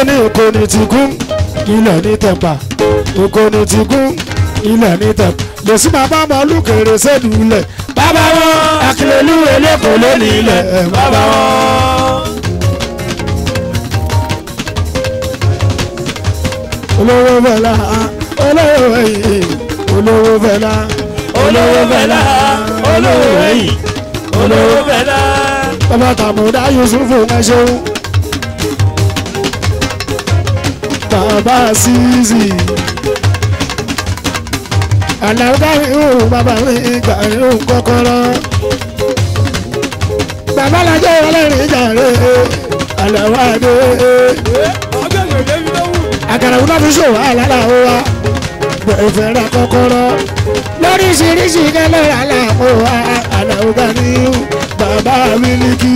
ó ní ìkọ́ni ti gún ilẹ̀ ní tẹ̀pà ìkọ́ni ti gún ilẹ̀ ní tẹ̀pà lèsì máa bá wọn lùkèrè sẹ́dù ilẹ̀ bàbá wọn akérèlú eléko lónìí ilẹ̀ bàbá wọn. olówó fẹlá olówó ẹyìn olówó fẹlá olówó fẹlá olówó ẹyìn olówó fẹlá. bàbá tàmúdá Yusuf ń ṣeun. bàbá Azizi àlàkà ìhùn bàbá mi ìgbà ìhùn kọ́kọ́rọ́ bàbá lajẹ́ ọlẹ́rìn jàre àlàwà dé. àkàrà wúlò fi ṣòwò àlàlà ó wa bẹ̀rẹ̀ ra kọ́kọ́rọ́ lóríṣiríṣi kẹlẹ́ àlàkò wa àlàó ganiyu bàbá mi ní kí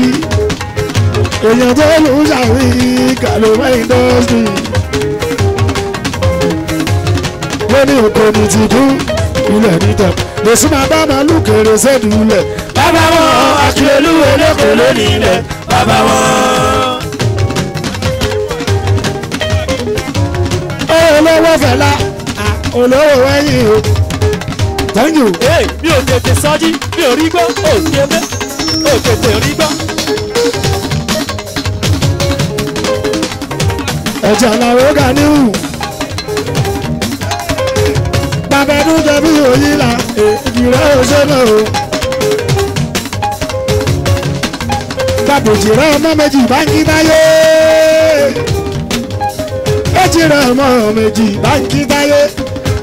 èèyàn tó lù ú sàrí kàlùmọ́ indọ́sítì lórí oko ni ti dún ilẹ̀ níta lèsì máa bá máa lù kéré sẹ́ẹ̀dù ilẹ̀. bàbá wọn àtúnyẹlúwẹ lẹkọọ lónìí ilẹ̀ bàbá wọn. olówó fẹlá olówó wẹ̀yìn o thank you. ee mi ò tètè sọjí mi ò rí gbọ́ ò ò tètè rí gbọ́. ẹ̀jẹ̀ làwọn ó ga níhù tàbẹ̀dún jẹ bí òyìnlá èyí rẹ̀ ò ṣe náà o. Gbàbòjì rẹ̀ ọmọ méjì bá ń kí táyé. Méjì rẹ̀ ọmọ méjì bá ń kí táyé.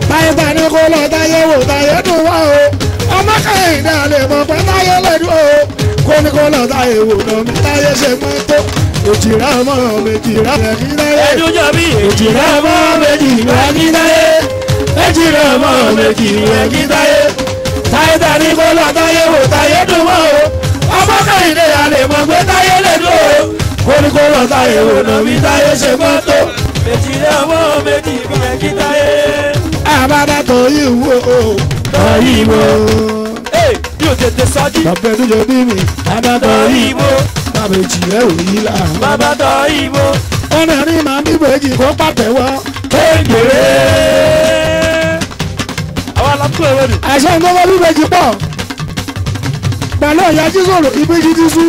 Táyé bá ní kó lọ táyé wò táyé dùn wá o. Ọmọ kẹ́hìndé àlè mọ̀ pé táyé lẹ́dùn o. Kó ní kó lọ táyé wò lọ mi táyé ṣe mọ́ tó. Òjìrá ọmọ méjì rẹ̀ kí táyé. Ẹdún jọ bí èjìrá ọmọ méjì rẹ̀ kí táyé méjì náà mọ̀ méjì rẹ̀ kí táyé táyé tani kó lọ táyé wò táyé dùn mọ́ o ọmọ kẹ́hìndé alẹ́ mọ̀ pé táyé lè dùn o koríko lọ táyé wò nà mí táyé ṣe mọ́ tó. méjì náà mọ̀ méjì rẹ̀ wo o tó yí wo. yóò tètè sọjí. bàbá tó jọ bí mi. bàbá tó yí wo. bàbá èjì ẹ̀ ò yí la. bàbá tó wo. ọ̀nà ni màmí méjì kó pàtẹ́wọ́. kéńgèrè àṣẹ ìgbọ́wọ́ bíbejì pọ̀ pẹ̀lú ọ̀yájú sọ̀rọ̀ ìbejì ti sú.